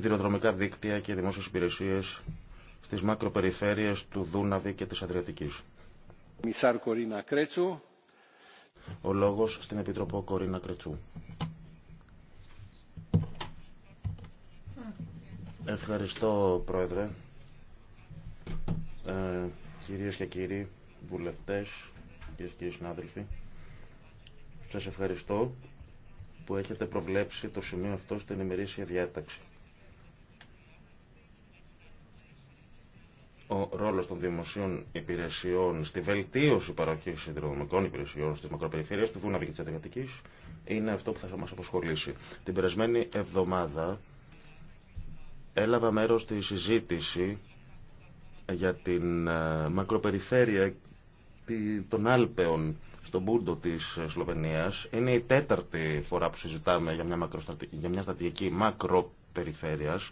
σιδηροδρομικά δίκτυα και δημόσιε υπηρεσίε στις μακροπεριφέρειες του Δούναβη και της Κρέτσου. Ο λόγος στην Επιτροπό Κορίνα Κρετσού. Ευχαριστώ, Πρόεδρε. Ε, κυρίες και κύριοι βουλευτές, κυρίες και κύριοι συνάδελφοι, σας ευχαριστώ που έχετε προβλέψει το σημείο αυτό στην ημερήσια διάταξη. ο ρόλος των δημοσίων υπηρεσιών στη βελτίωση παροχή συνδρομικών υπηρεσιών στις μακροπεριφέρειες του Δούναβη και τη Αδριατικής είναι αυτό που θα μας αποσχολήσει. Την περασμένη εβδομάδα έλαβα μέρος στη συζήτηση για την ε, μακροπεριφέρεια των Άλπαιων στον Μπούντο της ε, Σλοβενίας. Είναι η τέταρτη φορά που συζητάμε για μια, για μια στρατηγική μακροπεριφέρειας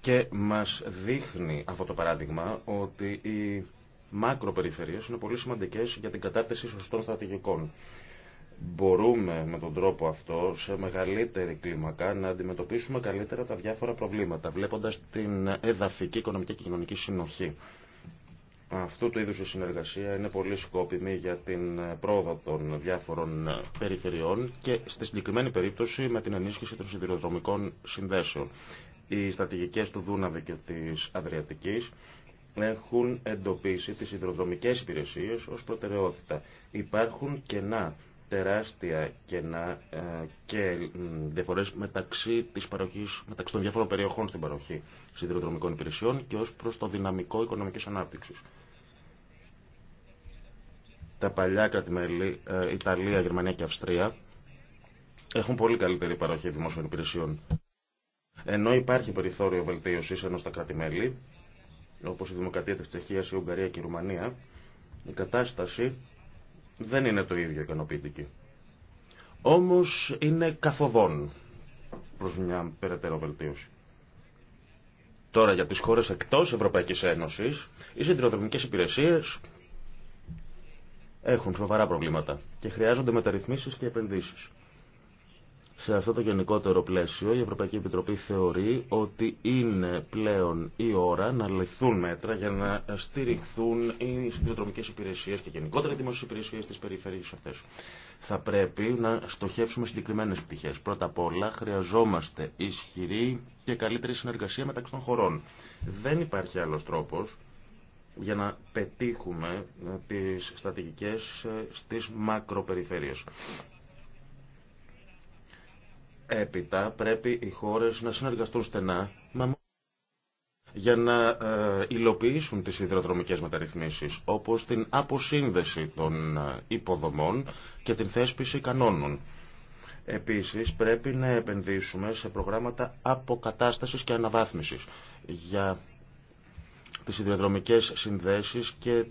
και μας δείχνει αυτό το παράδειγμα ότι οι μακροπεριφερειές είναι πολύ σημαντικές για την κατάρτιση σωστών στρατηγικών. Μπορούμε με τον τρόπο αυτό σε μεγαλύτερη κλίμακα να αντιμετωπίσουμε καλύτερα τα διάφορα προβλήματα, βλέποντας την εδαφική, οικονομική και κοινωνική συνοχή. Αυτού του είδους η συνεργασία είναι πολύ σκόπιμη για την πρόοδο των διάφορων περιφερειών και στη συγκεκριμένη περίπτωση με την ενίσχυση των σιδηροδρομικών συνδέσεων. Οι στρατηγικές του Δούναβη και της Αδριατικής έχουν εντοπίσει τις υδροδρομικές υπηρεσίες ως προτεραιότητα. Υπάρχουν κενά, τεράστια κενά ε, και διαφορές μεταξύ, της παροχής, μεταξύ των διάφορων περιοχών στην παροχή σιδηροδρομικών υπηρεσιών και ως προς το δυναμικό οικονομικής ανάπτυξης. Τα παλιά κρατημέλη, ε, Ιταλία, Γερμανία και Αυστρία, έχουν πολύ καλύτερη παροχή δημόσιων υπηρεσιών. Ενώ υπάρχει περιθώριο βελτίωση ενώ στα κράτη-μέλη, όπω η Δημοκρατία τη Τσεχία, η Ουγγαρία και η Ρουμανία, η κατάσταση δεν είναι το ίδιο ικανοποιητική. Όμω είναι καθοδόν προ μια περαιτέρω βελτίωση. Τώρα για τι χώρε εκτό Ευρωπαϊκής Ένωση, οι συντηροδρομικέ υπηρεσίε έχουν σοβαρά προβλήματα και χρειάζονται μεταρρυθμίσεις και επενδύσει. Σε αυτό το γενικότερο πλαίσιο η Ευρωπαϊκή Επιτροπή θεωρεί ότι είναι πλέον η ώρα να ληθούν μέτρα για να στηριχθούν οι συνδυοτρομικές υπηρεσίες και γενικότερα οι δημόσιες υπηρεσίες της περιφέρειας αυτές. Θα πρέπει να στοχεύσουμε συγκεκριμένες πτυχές. Πρώτα απ' όλα χρειαζόμαστε ισχυρή και καλύτερη συνεργασία μεταξύ των χωρών. Δεν υπάρχει άλλος τρόπος για να πετύχουμε τις στρατηγικές ε, στις μακροπεριφέρειες. Έπειτα πρέπει οι χώρες να συνεργαστούν στενά για να ε, υλοποιήσουν τις υδροδρομικές μεταρρυθμίσεις, όπως την αποσύνδεση των ε, υποδομών και την θέσπιση κανόνων. Επίσης, πρέπει να επενδύσουμε σε προγράμματα αποκατάστασης και αναβάθμισης για τις υδροδρομικές συνδέσεις και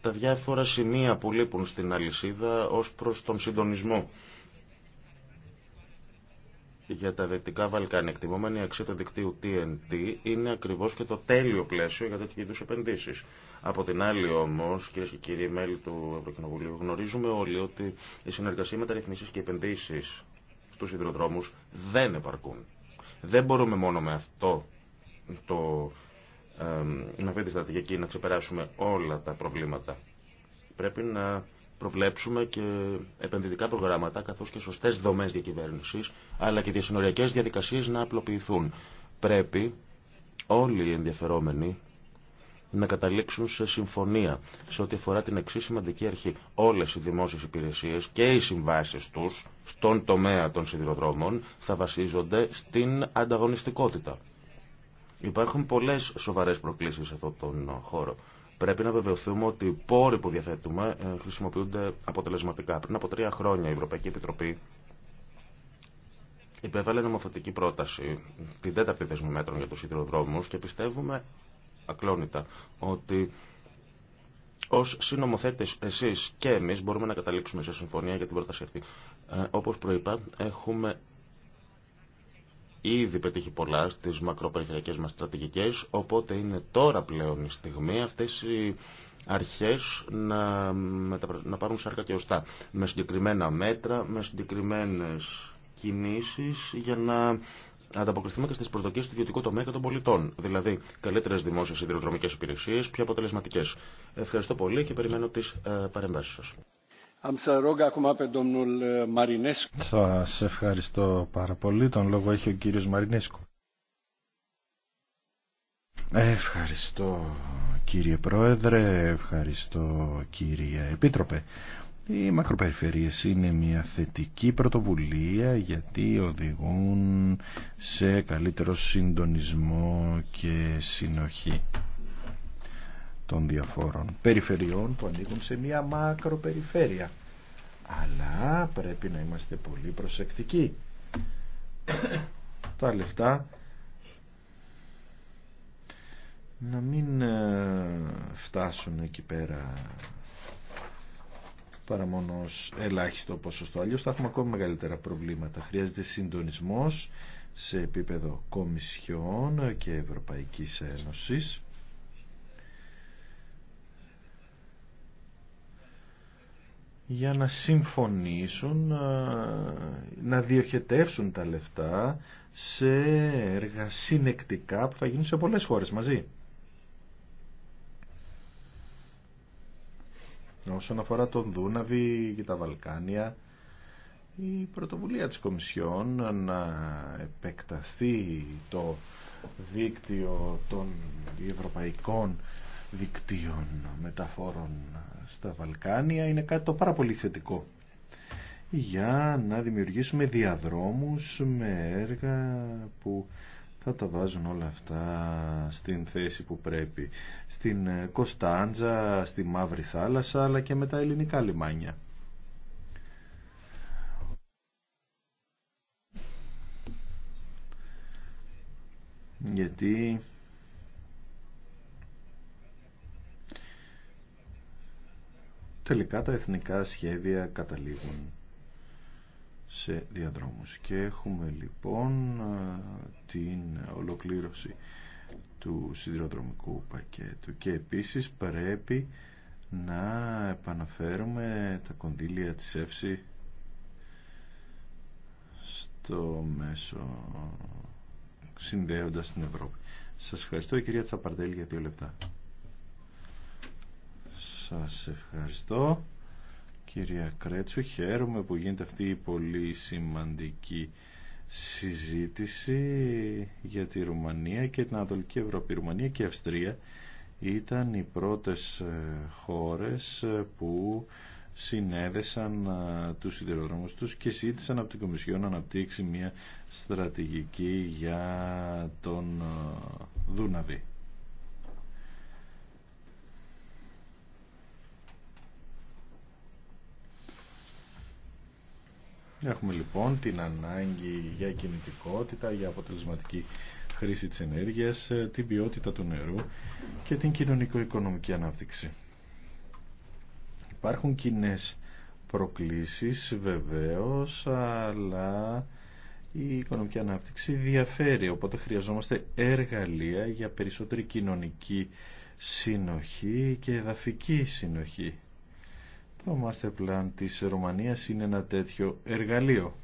τα διάφορα σημεία που λείπουν στην αλυσίδα ως προς τον συντονισμό για τα Δυτικά Βαλκάνια. Εκτιμόμενη αξία του δικτύου TNT είναι ακριβώ και το τέλειο πλαίσιο για τέτοιου είδου επενδύσει. Από την άλλη, όμω, κυρίε και κύριοι μέλη του Ευρωκοινοβουλίου, γνωρίζουμε όλοι ότι η συνεργασία μεταρρυθμίσει και επενδύσει στου υδροδρόμου δεν επαρκούν. Δεν μπορούμε μόνο με αυτό το, με αυτή τη στρατηγική να ξεπεράσουμε όλα τα προβλήματα. Πρέπει να προβλέψουμε και επενδυτικά προγράμματα καθώς και σωστέ δομές διακυβέρνηση, αλλά και διασυνοριακές διαδικασίες να απλοποιηθούν. Πρέπει όλοι οι ενδιαφερόμενοι να καταλήξουν σε συμφωνία σε ό,τι αφορά την εξή σημαντική αρχή. Όλες οι δημόσιες υπηρεσίες και οι συμβάσεις τους στον τομέα των σιδηροδρόμων θα βασίζονται στην ανταγωνιστικότητα. Υπάρχουν πολλές σοβαρές προκλήσεις σε αυτόν τον χώρο. Πρέπει να βεβαιωθούμε ότι οι πόροι που διαθέτουμε ε, χρησιμοποιούνται αποτελεσματικά. Πριν από τρία χρόνια η Ευρωπαϊκή Επιτροπή υπέβαλε νομοθετική πρόταση, την τέταρτη δεσμή μέτρων για του σιδηροδρόμου και πιστεύουμε ακλόνητα ότι ω συνομοθέτε εσεί και εμεί μπορούμε να καταλήξουμε σε συμφωνία για την πρόταση αυτή. Ε, Όπω προείπα, έχουμε ήδη πετύχει πολλά στις μακροπεριφερειακές μας στρατηγικές, οπότε είναι τώρα πλέον η στιγμή αυτές οι αρχές να, να πάρουν σάρκα και οστά με συγκεκριμένα μέτρα, με συγκεκριμένες κινήσεις για να ανταποκριθούμε και στις προσδοκίες του ιδιωτικού τομέα και των πολιτών. Δηλαδή, καλύτερε δημόσιες ιδεροδρομικές υπηρεσίες, πιο αποτελεσματικές. Ευχαριστώ πολύ και περιμένω τι ε, σα. Uh, Σας ευχαριστώ πάρα πολύ. Τον λόγο έχει ο κύριος Μαρινέσκου. Ευχαριστώ κύριε Πρόεδρε, ευχαριστώ κύριε Επίτροπε. Οι μακροπεριφερειές είναι μια θετική πρωτοβουλία γιατί οδηγούν σε καλύτερο συντονισμό και συνοχή των διαφόρων περιφερειών που ανήκουν σε μια μακροπεριφέρεια. Αλλά πρέπει να είμαστε πολύ προσεκτικοί. Τα λεφτά να μην ε, φτάσουν εκεί πέρα παρά μόνο ελάχιστο ποσοστό. Αλλιώ θα έχουμε ακόμη μεγαλύτερα προβλήματα. Χρειάζεται συντονισμός σε επίπεδο Κομισιών και Ευρωπαϊκής Ένωσης για να συμφωνήσουν ε, να διοχετεύσουν τα λεφτά σε έργα συνεκτικά που θα γίνουν σε πολλές χώρες μαζί. Όσον αφορά τον Δούναβη και τα Βαλκάνια, η πρωτοβουλία της Κομισιόν να επεκταθεί το δίκτυο των ευρωπαϊκών δικτύων μεταφόρων στα Βαλκάνια είναι κάτι το πάρα πολύ θετικό για να δημιουργήσουμε διαδρόμους με έργα που θα τα βάζουν όλα αυτά στην θέση που πρέπει στην Κωνσταντζα, στη Μαύρη Θάλασσα αλλά και με τα ελληνικά λιμάνια γιατί τελικά τα εθνικά σχέδια καταλήγουν σε διαδρόμους. Και έχουμε λοιπόν την ολοκλήρωση του σιδηροδρομικού πακέτου και επίσης πρέπει να επαναφέρουμε τα κονδύλια της Εύση στο μέσο συνδέοντας την Ευρώπη. Σας ευχαριστώ η κυρία Τσαπαρτέλη για δύο λεπτά. Σας ευχαριστώ. Κυρία Κρέτσου, χαίρομαι που γίνεται αυτή η πολύ σημαντική συζήτηση για τη Ρουμανία και την Ανατολική Ευρώπη. Η Ρουμανία και η Αυστρία ήταν οι πρώτες ε, χώρες ε, που συνέδεσαν ε, τους σιδηροδρόμους τους και ζήτησαν από την Κομισιό να αναπτύξει μια στρατηγική για τον Δούναβη. Έχουμε λοιπόν την ανάγκη για κινητικότητα, για αποτελεσματική χρήση της ενέργειας, ε, την ποιότητα του νερού και την κοινωνικο-οικονομική ανάπτυξη. Υπάρχουν κοινέ προκλήσεις βεβαίως, αλλά η οικονομική ανάπτυξη διαφέρει, οπότε χρειαζόμαστε εργαλεία για περισσότερη κοινωνική συνοχή και εδαφική συνοχή το master plan της Ρωμανίας είναι ένα τέτοιο εργαλείο.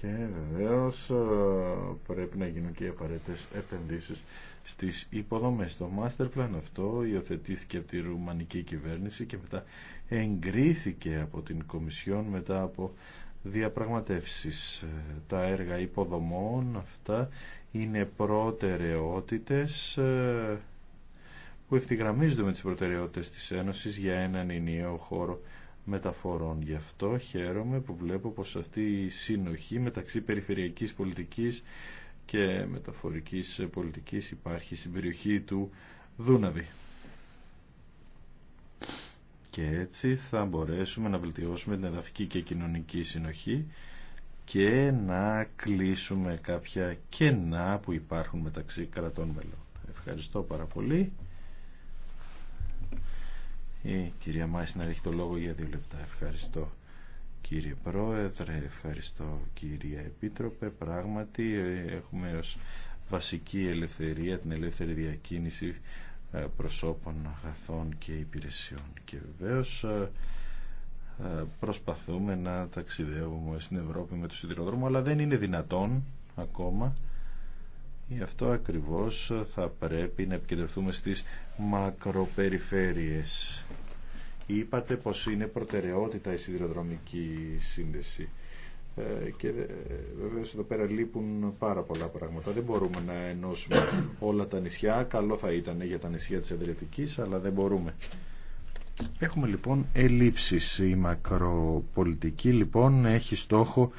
και βεβαίω ε, πρέπει να γίνουν και οι απαραίτητες επενδύσεις στις υποδομές. Το master plan αυτό υιοθετήθηκε από τη ρουμανική κυβέρνηση και μετά εγκρίθηκε από την Κομισιόν μετά από διαπραγματεύσεις. Ε, τα έργα υποδομών αυτά είναι προτεραιότητες ε, που ευθυγραμμίζονται με τις προτεραιότητες της Ένωσης για έναν ενιαίο χώρο μεταφορών. Γι' αυτό χαίρομαι που βλέπω πως αυτή η συνοχή μεταξύ περιφερειακής πολιτικής και μεταφορικής πολιτικής υπάρχει στην περιοχή του Δούναβη. Και έτσι θα μπορέσουμε να βελτιώσουμε την εδαφική και κοινωνική συνοχή και να κλείσουμε κάποια κενά που υπάρχουν μεταξύ κρατών μελών. Ευχαριστώ πάρα πολύ. Η κυρία να έχει το λόγο για δύο λεπτά. Ευχαριστώ κύριε Πρόεδρε, ευχαριστώ κύριε Επίτροπε. Πράγματι ε, έχουμε ως βασική ελευθερία την ελεύθερη διακίνηση ε, προσώπων, αγαθών και υπηρεσιών. Και βεβαίως ε, ε, προσπαθούμε να ταξιδεύουμε στην Ευρώπη με το σιδηροδρόμο αλλά δεν είναι δυνατόν ακόμα γι' αυτό ακριβώς θα πρέπει να επικεντρωθούμε στις μακροπεριφέρειες είπατε πως είναι προτεραιότητα η σιδηροδρομική σύνδεση ε, και ε, βέβαια εδώ πέρα λείπουν πάρα πολλά πράγματα δεν μπορούμε να ενώσουμε όλα τα νησιά καλό θα ήταν για τα νησιά της Αδριατικής αλλά δεν μπορούμε Έχουμε λοιπόν ελλείψεις. Η μακροπολιτική λοιπόν έχει στόχο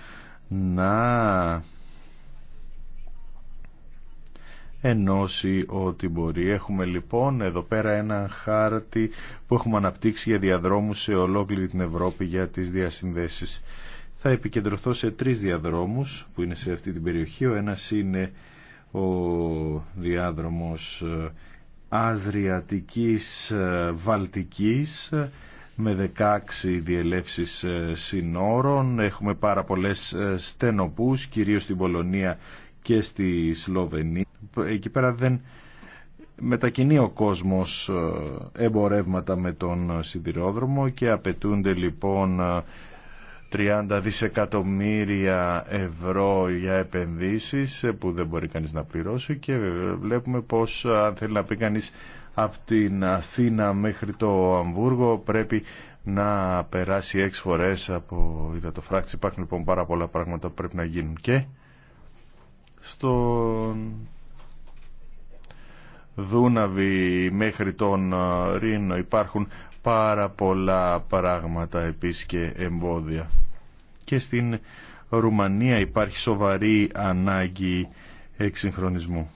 να ενώσει ό,τι μπορεί. Έχουμε λοιπόν εδώ πέρα ένα χάρτη που έχουμε αναπτύξει για διαδρόμους σε ολόκληρη την Ευρώπη για τις διασυνδέσεις. Θα επικεντρωθώ σε τρεις διαδρόμους που είναι σε αυτή την περιοχή. Ο ένας είναι ο διάδρομος ε, Αδριατικής ε, Βαλτικής ε, με 16 διελεύσεις ε, συνόρων. Έχουμε πάρα πολλές στενοπούς, κυρίως στην Πολωνία και στη Σλοβενία. Εκεί πέρα δεν μετακινεί ο κόσμος εμπορεύματα με τον σιδηρόδρομο και απαιτούνται λοιπόν 30 δισεκατομμύρια ευρώ για επενδύσεις που δεν μπορεί κανείς να πληρώσει και βλέπουμε πως αν θέλει να πει κανείς από την Αθήνα μέχρι το Αμβούργο πρέπει να περάσει έξι φορές από υδατοφράξη. Υπάρχουν λοιπόν πάρα πολλά πράγματα που πρέπει να γίνουν και στον Δούναβη μέχρι τον Ρήνο υπάρχουν πάρα πολλά πράγματα επίσης και εμπόδια. Και στην Ρουμανία υπάρχει σοβαρή ανάγκη εξυγχρονισμού.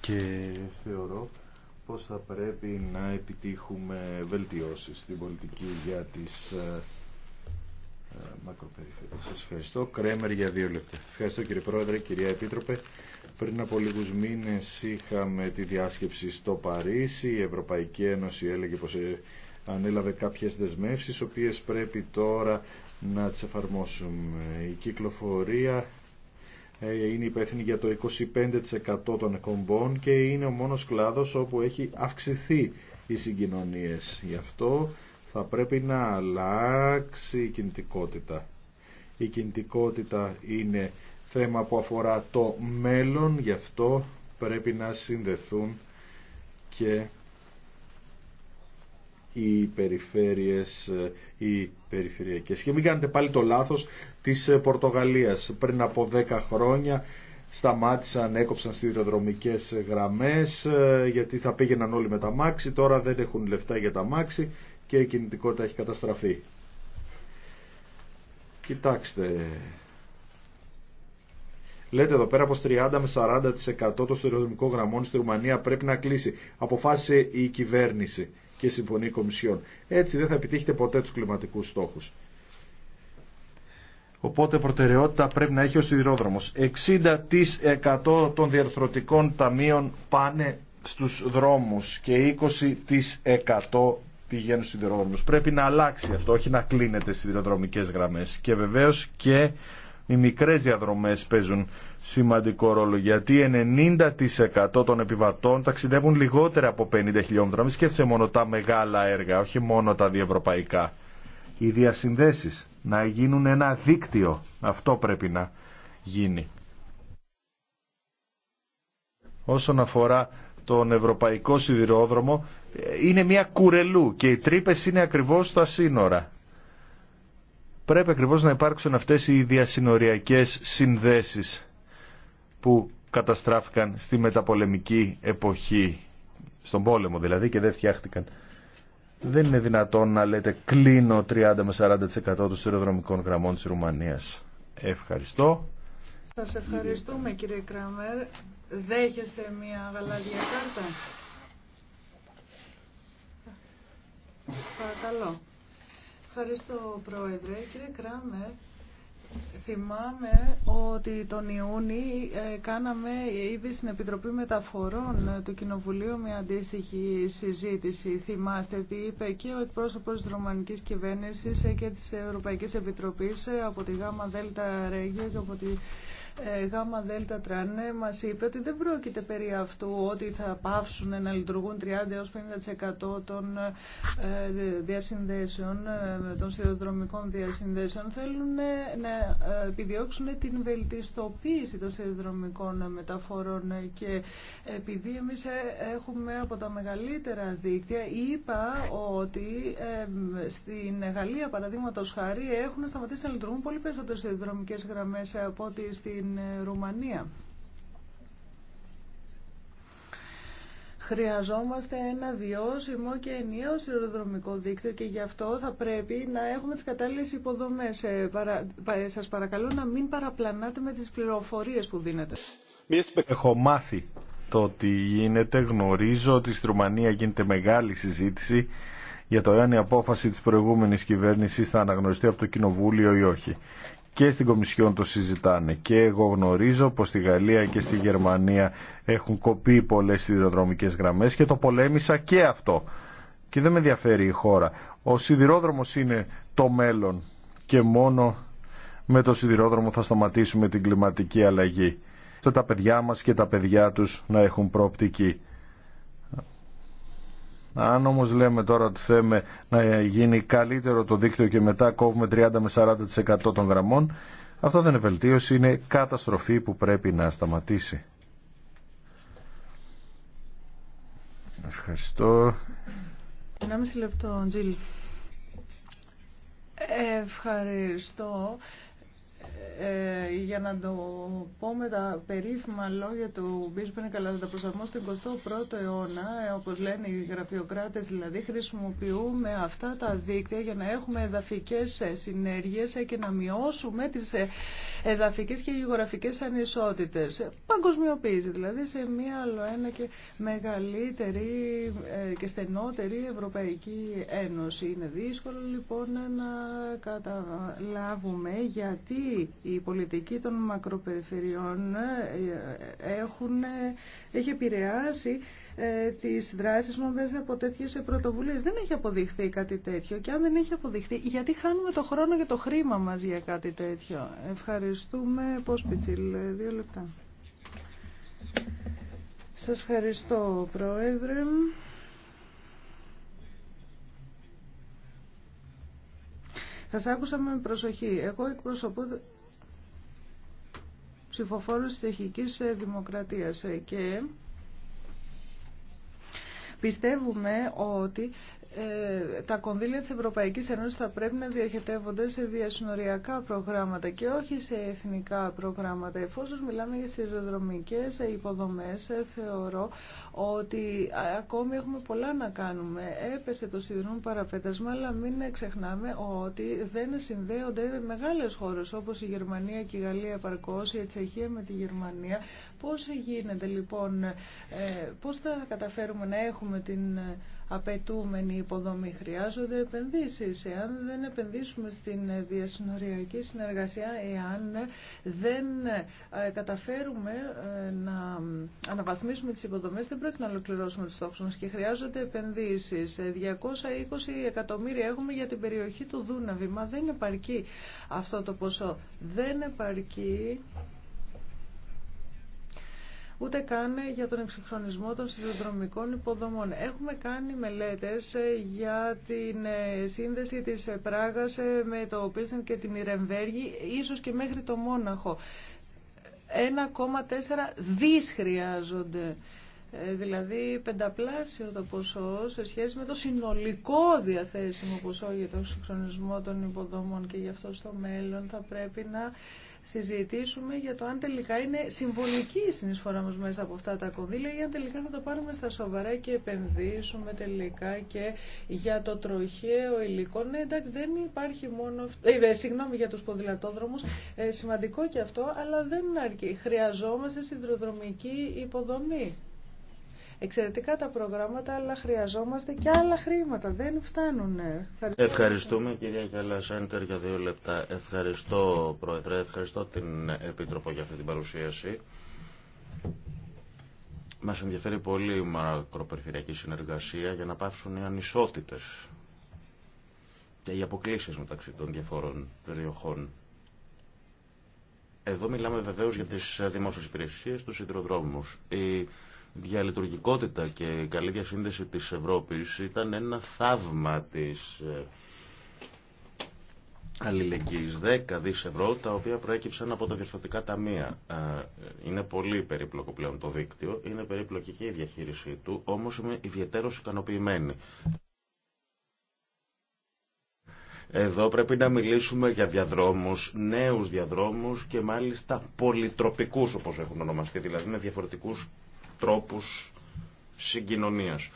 Και θεωρώ πως θα πρέπει να επιτύχουμε βελτιώσεις στην πολιτική για τις ε, ε, μακροπεριφέρειες. Σας ευχαριστώ. Κρέμερ για δύο λεπτά. Ευχαριστώ κύριε Πρόεδρε, κυρία Επίτροπε. Πριν από λίγου μήνε είχαμε τη διάσκεψη στο Παρίσι. Η Ευρωπαϊκή Ένωση έλεγε πως ε, ανέλαβε κάποιες δεσμεύσεις, οποίε πρέπει τώρα να τι εφαρμόσουμε. Η κυκλοφορία ε, είναι υπεύθυνη για το 25% των εκπομπών και είναι ο μόνος κλάδος όπου έχει αυξηθεί οι συγκοινωνίες. Γι' αυτό θα πρέπει να αλλάξει η κινητικότητα. Η κινητικότητα είναι θέμα που αφορά το μέλλον, γι' αυτό πρέπει να συνδεθούν και οι περιφέρειες, ε, οι περιφερειακές. Και μην κάνετε πάλι το λάθος της ε, Πορτογαλίας. Πριν από 10 χρόνια σταμάτησαν, έκοψαν σιδηροδρομικές γραμμές ε, γιατί θα πήγαιναν όλοι με τα μάξι, τώρα δεν έχουν λεφτά για τα μάξι και η κινητικότητα έχει καταστραφεί. Κοιτάξτε, Λέτε εδώ πέρα πω 30 με 40% των στερεοδρομικών γραμμών στη Ρουμανία πρέπει να κλείσει. Αποφάσισε η κυβέρνηση και συμφωνεί η Κομισιόν. Έτσι δεν θα επιτύχετε ποτέ τους κλιματικούς στόχους. Οπότε προτεραιότητα πρέπει να έχει ο σιδηρόδρομο. 60% των διαρθρωτικών ταμείων πάνε στους δρόμους και 20% πηγαίνουν στους Πρέπει να αλλάξει αυτό, όχι να κλείνεται σιδηροδρομικές γραμμές. Και βεβαίως και οι μικρές διαδρομές παίζουν σημαντικό ρόλο γιατί 90% των επιβατών ταξιδεύουν λιγότερα από 50 χιλιόμετρα. Μην σκέφτεσαι μόνο τα μεγάλα έργα, όχι μόνο τα διευρωπαϊκά. Οι διασυνδέσεις να γίνουν ένα δίκτυο. Αυτό πρέπει να γίνει. Όσον αφορά τον Ευρωπαϊκό Σιδηρόδρομο, ε, είναι μια κουρελού και οι τρύπε είναι ακριβώς στα σύνορα πρέπει ακριβώς να υπάρξουν αυτές οι διασυνοριακές συνδέσεις που καταστράφηκαν στη μεταπολεμική εποχή, στον πόλεμο δηλαδή και δεν φτιάχτηκαν. Δεν είναι δυνατόν να λέτε κλείνω 30 με 40% των σειροδρομικών γραμμών της Ρουμανίας. Ευχαριστώ. Σας ευχαριστούμε κύριε Κράμερ. Δέχεστε μια γαλάζια κάρτα. Παρακαλώ. Ευχαριστώ, Πρόεδρε. Κύριε Κράμερ, Θυμάμαι ότι τον Ιούνι ε, κάναμε ήδη στην Επιτροπή Μεταφορών του Κοινοβουλίου μια αντίστοιχη συζήτηση. Θυμάστε τι είπε και ο εκπρόσωπος της Ρωμανικής Κυβέρνησης ε, και της Ευρωπαϊκής Επιτροπής ε, από τη ΓΑΜΑ ΔΕΛΤΑ και από τη ε, ΓΑΜΑ ΔΕΛΤΑ ΤΡΑΝΕ μας είπε ότι δεν πρόκειται περί αυτού ότι θα πάυσουν να λειτουργούν 30 έως 50% των ε, διασυνδέσεων, ε, των σιδηροδρομικών διασυνδέσεων. Θέλουν να επιδιώξουν την βελτιστοποίηση των σιδηροδρομικών μεταφορών και επειδή εμείς έχουμε από τα μεγαλύτερα δίκτυα, είπα ότι στην Γαλλία παραδείγματο χάρη έχουν σταματήσει να λειτουργούν πολύ περισσότερες σιδηροδρομικές γραμμές από ότι στην στην ε, Ρουμανία. Χρειαζόμαστε ένα βιώσιμο και ενιαίο σειροδρομικό δίκτυο και γι' αυτό θα πρέπει να έχουμε τις κατάλληλες υποδομές. Ε, ε, σας παρακαλώ να μην παραπλανάτε με τις πληροφορίες που δίνετε. Έχω μάθει το ότι γίνεται, γνωρίζω ότι στη Ρουμανία γίνεται μεγάλη συζήτηση για το εάν η απόφαση της προηγούμενης κυβέρνησης θα αναγνωριστεί από το Κοινοβούλιο ή όχι και στην Κομισιόν το συζητάνε. Και εγώ γνωρίζω πως στη Γαλλία και στη Γερμανία έχουν κοπεί πολλές σιδηροδρομικές γραμμές και το πολέμησα και αυτό. Και δεν με ενδιαφέρει η χώρα. Ο σιδηρόδρομος είναι το μέλλον και μόνο με το σιδηρόδρομο θα σταματήσουμε την κλιματική αλλαγή. Τα παιδιά μας και τα παιδιά τους να έχουν προοπτική. Αν όμως λέμε τώρα ότι θέμε να γίνει καλύτερο το δίκτυο και μετά κόβουμε 30 με 40% των γραμμών, αυτό δεν είναι βελτίωση, είναι καταστροφή που πρέπει να σταματήσει. Ευχαριστώ. μισή λεπτό, Τζιλ. Ευχαριστώ. Ε, ε, για να το πω με τα περίφημα λόγια του Μπίσπεν καλά, τα προσαρμόσω στην 21ο αιώνα, ε, όπως λένε οι γραφειοκράτες, δηλαδή χρησιμοποιούμε αυτά τα δίκτυα για να έχουμε εδαφικές συνέργειες και να μειώσουμε τις εδαφικές και γεωγραφικές ανισότητες. Παγκοσμιοποίηση, δηλαδή σε μία άλλο ένα και μεγαλύτερη και στενότερη Ευρωπαϊκή Ένωση. Είναι δύσκολο λοιπόν να καταλάβουμε γιατί η πολιτική των μακροπεριφερειών ε, έχουν, ε, έχει επηρεάσει ε, τις δράσεις μου μέσα από τέτοιες ε, πρωτοβουλίες. Δεν έχει αποδειχθεί κάτι τέτοιο και αν δεν έχει αποδειχθεί, γιατί χάνουμε το χρόνο και το χρήμα μας για κάτι τέτοιο. Ευχαριστούμε. Πώς πιτσιλ, δύο λεπτά. Σας ευχαριστώ, Πρόεδρε. Σα άκουσα με προσοχή. Εγώ εκπροσωπώ ψηφοφόρου τη Εθνική Δημοκρατίας και πιστεύουμε ότι ε, τα κονδύλια της Ευρωπαϊκής Ένωσης θα πρέπει να διοχετεύονται σε διασυνοριακά προγράμματα και όχι σε εθνικά προγράμματα. Εφόσον μιλάμε για σειροδρομικές υποδομές, ε, θεωρώ ότι ε, ακόμη έχουμε πολλά να κάνουμε. Έπεσε το σιδηρό παραπέτασμα, αλλά μην ξεχνάμε ότι δεν συνδέονται με μεγάλες χώρες όπως η Γερμανία και η Γαλλία επαρκώς, η Τσεχία με τη Γερμανία. Πώς γίνεται λοιπόν, πώς θα καταφέρουμε να έχουμε την απαιτούμενη υποδομή. Χρειάζονται επενδύσεις. Εάν δεν επενδύσουμε στην διασυνοριακή συνεργασία, εάν δεν ε, καταφέρουμε ε, να αναβαθμίσουμε τις υποδομές, δεν πρέπει να ολοκληρώσουμε τους στόχους μας και χρειάζονται επενδύσεις. 220 ε, εκατομμύρια έχουμε για την περιοχή του Δούναβη, μα δεν επαρκεί αυτό το ποσό. Δεν επαρκεί ούτε καν για τον εξυγχρονισμό των σιδηροδρομικών υποδομών. Έχουμε κάνει μελέτες ε, για την ε, σύνδεση της ε, Πράγας με το Πίλσεν και την Ιρεμβέργη, ίσως και μέχρι το Μόναχο. 1,4 δις χρειάζονται δηλαδή πενταπλάσιο το ποσό σε σχέση με το συνολικό διαθέσιμο ποσό για τον εξυγχρονισμό των υποδομών και γι' αυτό στο μέλλον θα πρέπει να συζητήσουμε για το αν τελικά είναι συμβολική η συνεισφορά μας μέσα από αυτά τα κονδύλια ή αν τελικά θα το πάρουμε στα σοβαρά και επενδύσουμε τελικά και για το τροχαίο υλικό. Ναι, εντάξει, δεν υπάρχει μόνο... Ε, ε, συγγνώμη για τους ποδηλατόδρομους, ε, σημαντικό και αυτό, αλλά δεν αρκεί. Χρειαζόμαστε συνδροδρομική υποδομή. Εξαιρετικά τα προγράμματα, αλλά χρειαζόμαστε και άλλα χρήματα. Δεν φτάνουν. Ευχαριστούμε κυρία Γιάλα Σέντερ για δύο λεπτά. Ευχαριστώ Πρόεδρε, ευχαριστώ την Επίτροπο για αυτή την παρουσίαση. Μα ενδιαφέρει πολύ η μακροπεριφερειακή συνεργασία για να πάψουν οι ανισότητες και οι αποκλήσει μεταξύ των διαφόρων περιοχών. Εδώ μιλάμε βεβαίω για τι δημόσιε υπηρεσίε του σιδηροδρόμους. Η διαλειτουργικότητα και καλή διασύνδεση της Ευρώπης ήταν ένα θαύμα της ε, αλληλεγγύης 10 δις ευρώ τα οποία προέκυψαν από τα διευθυντικά ταμεία. Ε, είναι πολύ περίπλοκο πλέον το δίκτυο, είναι περίπλοκη και η διαχείρισή του, όμως είμαι ιδιαίτερος ικανοποιημένη. Εδώ πρέπει να μιλήσουμε για διαδρόμους, νέους διαδρόμους και μάλιστα πολυτροπικούς όπως έχουν ονομαστεί, δηλαδή με διαφορετικούς τρόπους συγκοινωνίας.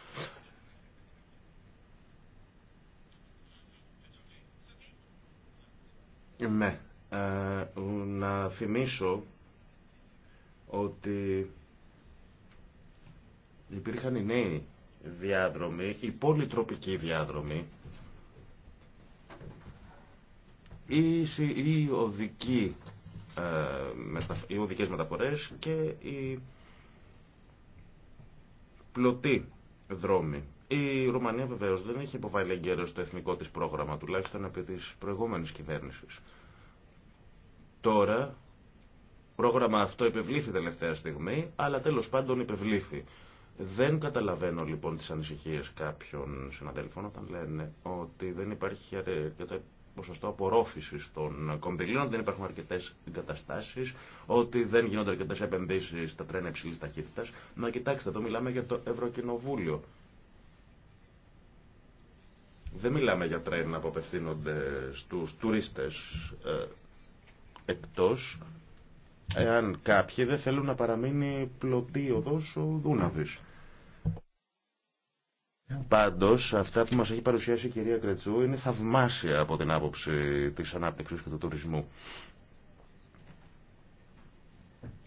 Ναι, ε, να θυμίσω ότι υπήρχαν οι νέοι διάδρομοι, οι πολυτροπικοί διάδρομοι, οι, οδικοί, ε, οι οδικές μεταφορές και οι πλωτή δρόμη. Η Ρουμανία βεβαίω δεν είχε υποβάλει εγκαίρω το εθνικό τη πρόγραμμα, τουλάχιστον επί τη προηγούμενη κυβέρνηση. Τώρα, πρόγραμμα αυτό υπευλήθη τελευταία στιγμή, αλλά τέλο πάντων υπευλήθη. Δεν καταλαβαίνω λοιπόν τις ανησυχίε κάποιων συναδέλφων όταν λένε ότι δεν υπάρχει αρκετό ποσοστό απορρόφηση των κομπηλίων, δεν υπάρχουν αρκετέ εγκαταστάσει, ότι δεν γίνονται αρκετέ επενδύσει στα τρένα υψηλή ταχύτητα. Να κοιτάξτε, εδώ μιλάμε για το Ευρωκοινοβούλιο. Δεν μιλάμε για τρένα που απευθύνονται στους τουρίστες ε, εκτός εάν κάποιοι δεν θέλουν να παραμείνει πλωτή οδό ο Δούναβης. Πάντω αυτά που μα έχει παρουσιάσει η κυρία Κρετσού είναι θαυμάσια από την άποψη τη ανάπτυξη και του τουρισμού.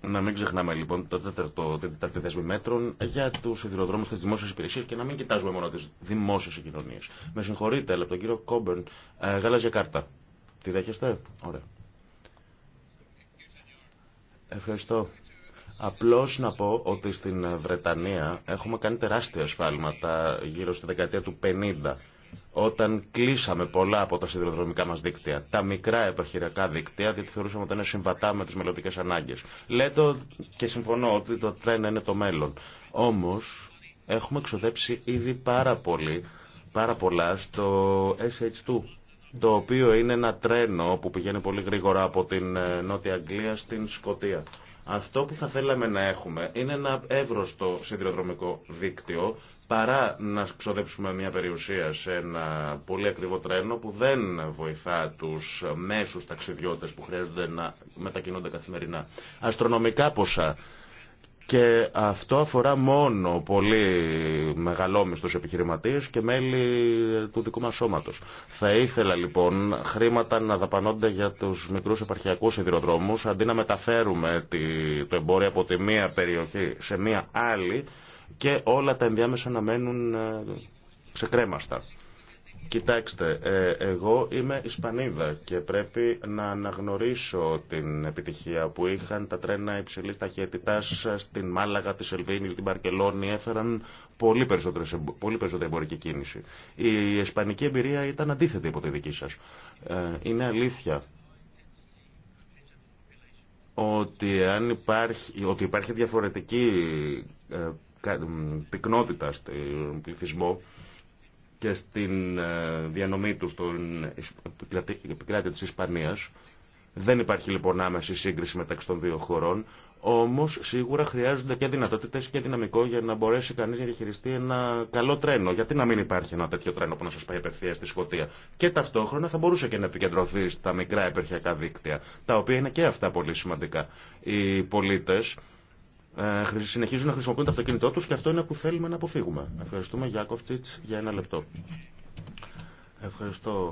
Να μην ξεχνάμε λοιπόν το τέταρτο, την τέταρτη δέσμη μέτρων για του σιδηροδρόμου και δημόσια υπηρεσία και να μην κοιτάζουμε μόνο τι δημόσιε κοινωνίε. Με συγχωρείτε, αλλά από τον κύριο Κόμπερν, ε, γαλάζια κάρτα. Τη δέχεστε, ωραία. Ευχαριστώ. Απλώς να πω ότι στην Βρετανία έχουμε κάνει τεράστια ασφάλματα γύρω στη δεκαετία του 50 όταν κλείσαμε πολλά από τα σιδηροδρομικά μα δίκτυα, τα μικρά επαρχηριακά δίκτυα, διότι θεωρούσαμε ότι δεν συμβατά με τι μελλοντικέ ανάγκε. Λέτε και συμφωνώ ότι το τρένα είναι το μέλλον. Όμω, έχουμε εξοδέψει ήδη πάρα, πολύ, πάρα πολλά στο SH2, το οποίο είναι ένα τρένο που πηγαίνει πολύ γρήγορα από την ε, Νότια Αγγλία στην Σκοτία. Αυτό που θα θέλαμε να έχουμε είναι ένα εύρωστο σιδηροδρομικό δίκτυο παρά να ξοδέψουμε μια περιουσία σε ένα πολύ ακριβό τρένο που δεν βοηθά τους μέσους ταξιδιώτες που χρειάζονται να μετακινούνται καθημερινά. Αστρονομικά ποσά και αυτό αφορά μόνο πολύ μεγαλόμιστους επιχειρηματίες και μέλη του δικού μας σώματος. Θα ήθελα λοιπόν χρήματα να δαπανώνται για τους μικρούς επαρχιακούς σιδηροδρόμους αντί να μεταφέρουμε το εμπόριο από τη μία περιοχή σε μία άλλη και όλα τα ενδιάμεσα να μένουν ξεκρέμαστα. Κοιτάξτε, ε, εγώ είμαι Ισπανίδα και πρέπει να αναγνωρίσω την επιτυχία που είχαν τα τρένα υψηλή ταχύτητα στην Μάλαγα, τη Σελβίνη, την Παρκελόνη. Έφεραν πολύ, πολύ περισσότερη εμπορική κίνηση. Η ισπανική εμπειρία ήταν αντίθετη από τη δική σα. Ε, είναι αλήθεια ότι, αν υπάρχει, ότι υπάρχει διαφορετική ε, πυκνότητα στον πληθυσμό, και στην ε, διανομή του στην επικράτεια της Ισπανίας. Δεν υπάρχει λοιπόν άμεση σύγκριση μεταξύ των δύο χωρών, όμως σίγουρα χρειάζονται και δυνατότητες και δυναμικό για να μπορέσει κανείς να διαχειριστεί ένα καλό τρένο. Γιατί να μην υπάρχει ένα τέτοιο τρένο που να σας πάει απευθεία στη Σκωτία. Και ταυτόχρονα θα μπορούσε και να επικεντρωθεί στα μικρά επερχιακά δίκτυα, τα οποία είναι και αυτά πολύ σημαντικά. Οι πολίτες ε, συνεχίζουν να χρησιμοποιούν το αυτοκίνητό τους και αυτό είναι που θέλουμε να αποφύγουμε. Ευχαριστούμε Γιάκοφτιτς για ένα λεπτό. Ευχαριστώ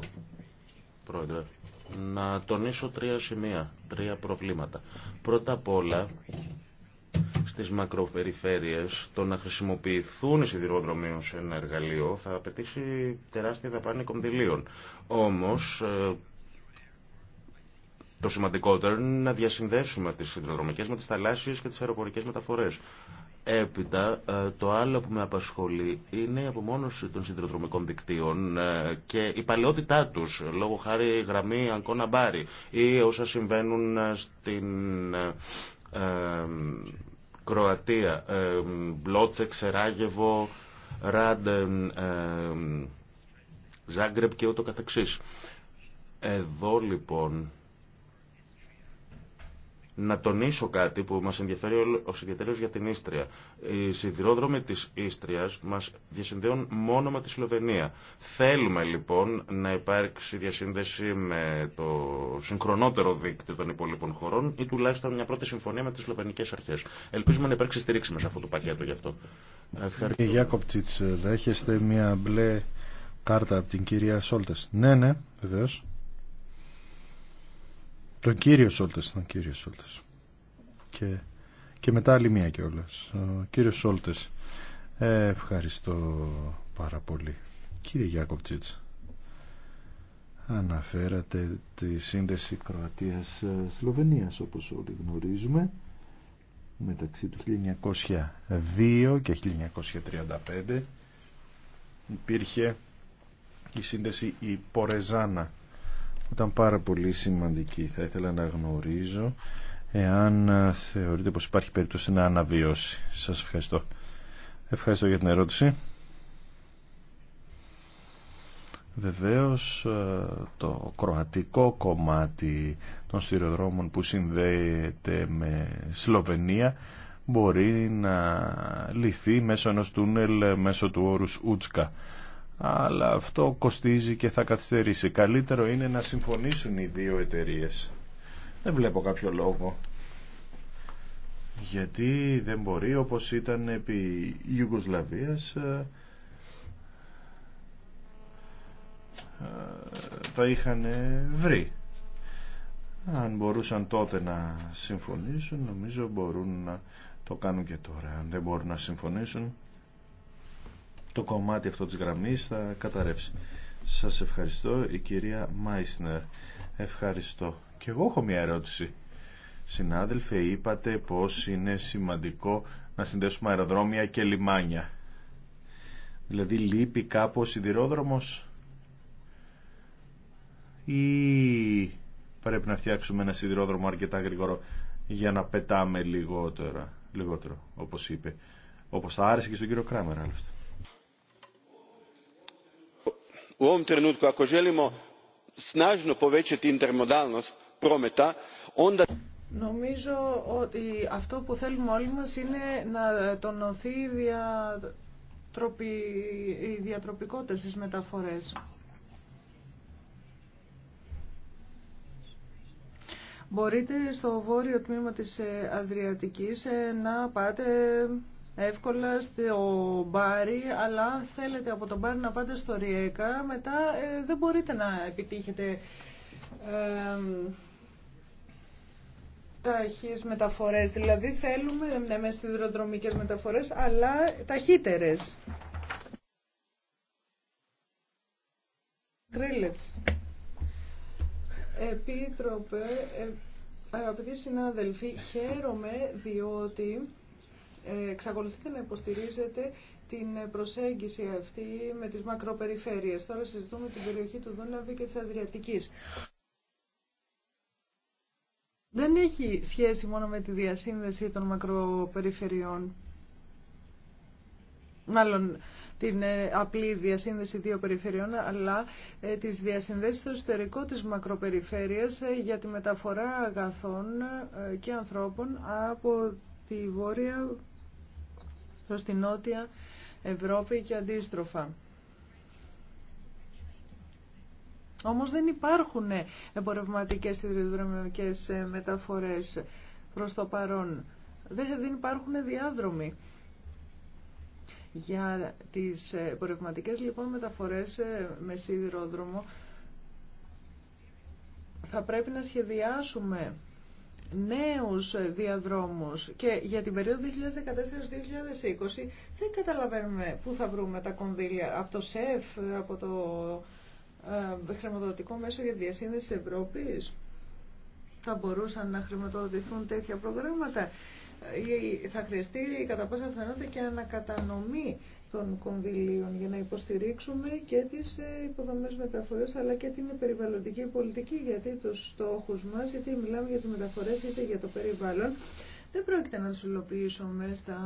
Πρόεδρε. Να τονίσω τρία σημεία, τρία προβλήματα. Πρώτα απ' όλα, στις μακροπεριφέρειες, το να χρησιμοποιηθούν οι σιδηροδρομοί ως ένα εργαλείο θα απαιτήσει τεράστια δαπάνη κονδυλίων. Όμως, ε, το σημαντικότερο είναι να διασυνδέσουμε τις συνδρομικές με τις θαλάσσιες και τις αεροπορικές μεταφορές. Έπειτα, ε, το άλλο που με απασχολεί είναι η απομόνωση των συνδρομικών δικτύων ε, και η παλαιότητά τους, λόγω χάρη γραμμή Αγκώνα Μπάρι ή όσα συμβαίνουν ε, στην Κροατία, Μπλότσεκ, Σεράγεβο, Ράντεν, Ζάγκρεπ και ούτω καθεξής. Εδώ λοιπόν να τονίσω κάτι που μας ενδιαφέρει ως ιδιαίτερος για την Ίστρια. Οι σιδηρόδρομοι της Ίστριας μας διασυνδέουν μόνο με τη Σλοβενία. Θέλουμε λοιπόν να υπάρξει διασύνδεση με το συγχρονότερο δίκτυο των υπόλοιπων χωρών ή τουλάχιστον μια πρώτη συμφωνία με τις σλοβενικές αρχές. Ελπίζουμε να υπάρξει στήριξη μέσα αυτό το πακέτο γι' αυτό. Κύριε Γιάκοπτσιτς, μια μπλε κάρτα από την κυρία Σόλτες. Ναι, ναι, βεβαίως. Τον κύριο Σόλτες, τον κύριο Σόλτε. Και, και μετά άλλη μία κιόλα. Ο κύριος Σόλτες. Ε, ευχαριστώ πάρα πολύ. Κύριε Γιάκοπτσίτς, αναφέρατε τη σύνδεση Κροατίας-Σλοβενίας όπως όλοι γνωρίζουμε μεταξύ του 1902 και 1935 υπήρχε η σύνδεση η Πορεζάνα ήταν πάρα πολύ σημαντική. Θα ήθελα να γνωρίζω εάν ε, θεωρείτε πως υπάρχει περίπτωση να αναβιώσει. Σας ευχαριστώ. Ευχαριστώ για την ερώτηση. Βεβαίως ε, το κροατικό κομμάτι των στυροδρόμων που συνδέεται με Σλοβενία μπορεί να λυθεί μέσω ενός τούνελ μέσω του όρους Ούτσκα αλλά αυτό κοστίζει και θα καθυστερήσει. Καλύτερο είναι να συμφωνήσουν οι δύο εταιρείε. Δεν βλέπω κάποιο λόγο. Γιατί δεν μπορεί όπως ήταν επί Ιουγκοσλαβίας ε, ε, Θα είχαν βρει. Αν μπορούσαν τότε να συμφωνήσουν, νομίζω μπορούν να το κάνουν και τώρα. Αν δεν μπορούν να συμφωνήσουν, το κομμάτι αυτό της γραμμής θα καταρρεύσει. Σας ευχαριστώ η κυρία Μάισνερ. Ευχαριστώ. Και εγώ έχω μια ερώτηση. Συνάδελφε, είπατε πως είναι σημαντικό να συνδέσουμε αεροδρόμια και λιμάνια. Δηλαδή λείπει κάπου ο σιδηρόδρομος ή πρέπει να φτιάξουμε ένα σιδηρόδρομο αρκετά γρήγορο για να πετάμε λιγότερα, λιγότερο, όπως είπε. Όπως θα άρεσε και στον κύριο Κράμερ, άλλωστε. Νομίζω ότι αυτό που θέλουμε όλοι μας είναι να τονωθεί η, η διατροπικότητα στις μεταφορές. Μπορείτε στο βόρειο τμήμα της Αδριατικής ε, να πάτε εύκολα στο μπάρι, αλλά αν θέλετε από το μπάρι να πάτε στο Ριέκα, μετά ε, δεν μπορείτε να επιτύχετε ε, ταχύες μεταφορές. Δηλαδή θέλουμε ε, ναι, με σιδηροδρομικές μεταφορές, αλλά ταχύτερες. Επίτροπε, ε, αγαπητοί συνάδελφοι, χαίρομαι διότι εξακολουθείτε να υποστηρίζετε την προσέγγιση αυτή με τις μακροπεριφέρειες. Τώρα συζητούμε την περιοχή του Δούναβη και της Αδριατικής. Δεν έχει σχέση μόνο με τη διασύνδεση των μακροπεριφερειών. Μάλλον την ε, απλή διασύνδεση δύο περιφερειών, αλλά ε, τις διασυνδέσεις στο εσωτερικό της μακροπεριφέρειας ε, για τη μεταφορά αγαθών και ανθρώπων από τη βόρεια προς την Νότια Ευρώπη και αντίστροφα. Όμως δεν υπάρχουν εμπορευματικές σιδηροδρομικές μεταφορές προς το παρόν. Δεν υπάρχουν διάδρομοι. Για τις εμπορευματικές λοιπόν μεταφορές ε, με σιδηρόδρομο θα πρέπει να σχεδιάσουμε νέους διαδρόμους και για την περίοδο 2014-2020 δεν καταλαβαίνουμε πού θα βρούμε τα κονδύλια από το ΣΕΦ, από το ε, χρηματοδοτικό μέσο για τη διασύνδεση της Ευρώπης. Θα μπορούσαν να χρηματοδοτηθούν τέτοια προγράμματα. Ε, θα χρειαστεί κατά πάσα πιθανότητα και ανακατανομή των κονδυλίων για να υποστηρίξουμε και τις ε, υποδομές μεταφορές αλλά και την περιβαλλοντική πολιτική γιατί τους στόχους μας, είτε μιλάμε για τις μεταφορές είτε για το περιβάλλον, δεν πρόκειται να τους υλοποιήσουμε στα...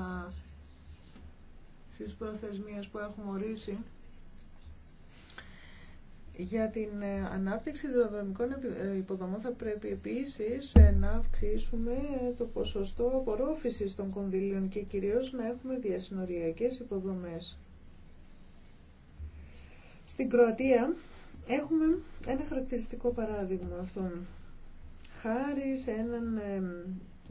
στις προθεσμίες που έχουμε ορίσει. Για την ε, ανάπτυξη δρομικών ε, υποδομών θα πρέπει επίσης ε, να αυξήσουμε το ποσοστό απορρόφησης των κονδυλίων και κυρίως να έχουμε διασυνοριακές υποδομές. Στην Κροατία έχουμε ένα χαρακτηριστικό παράδειγμα αυτό. Χάρη σε έναν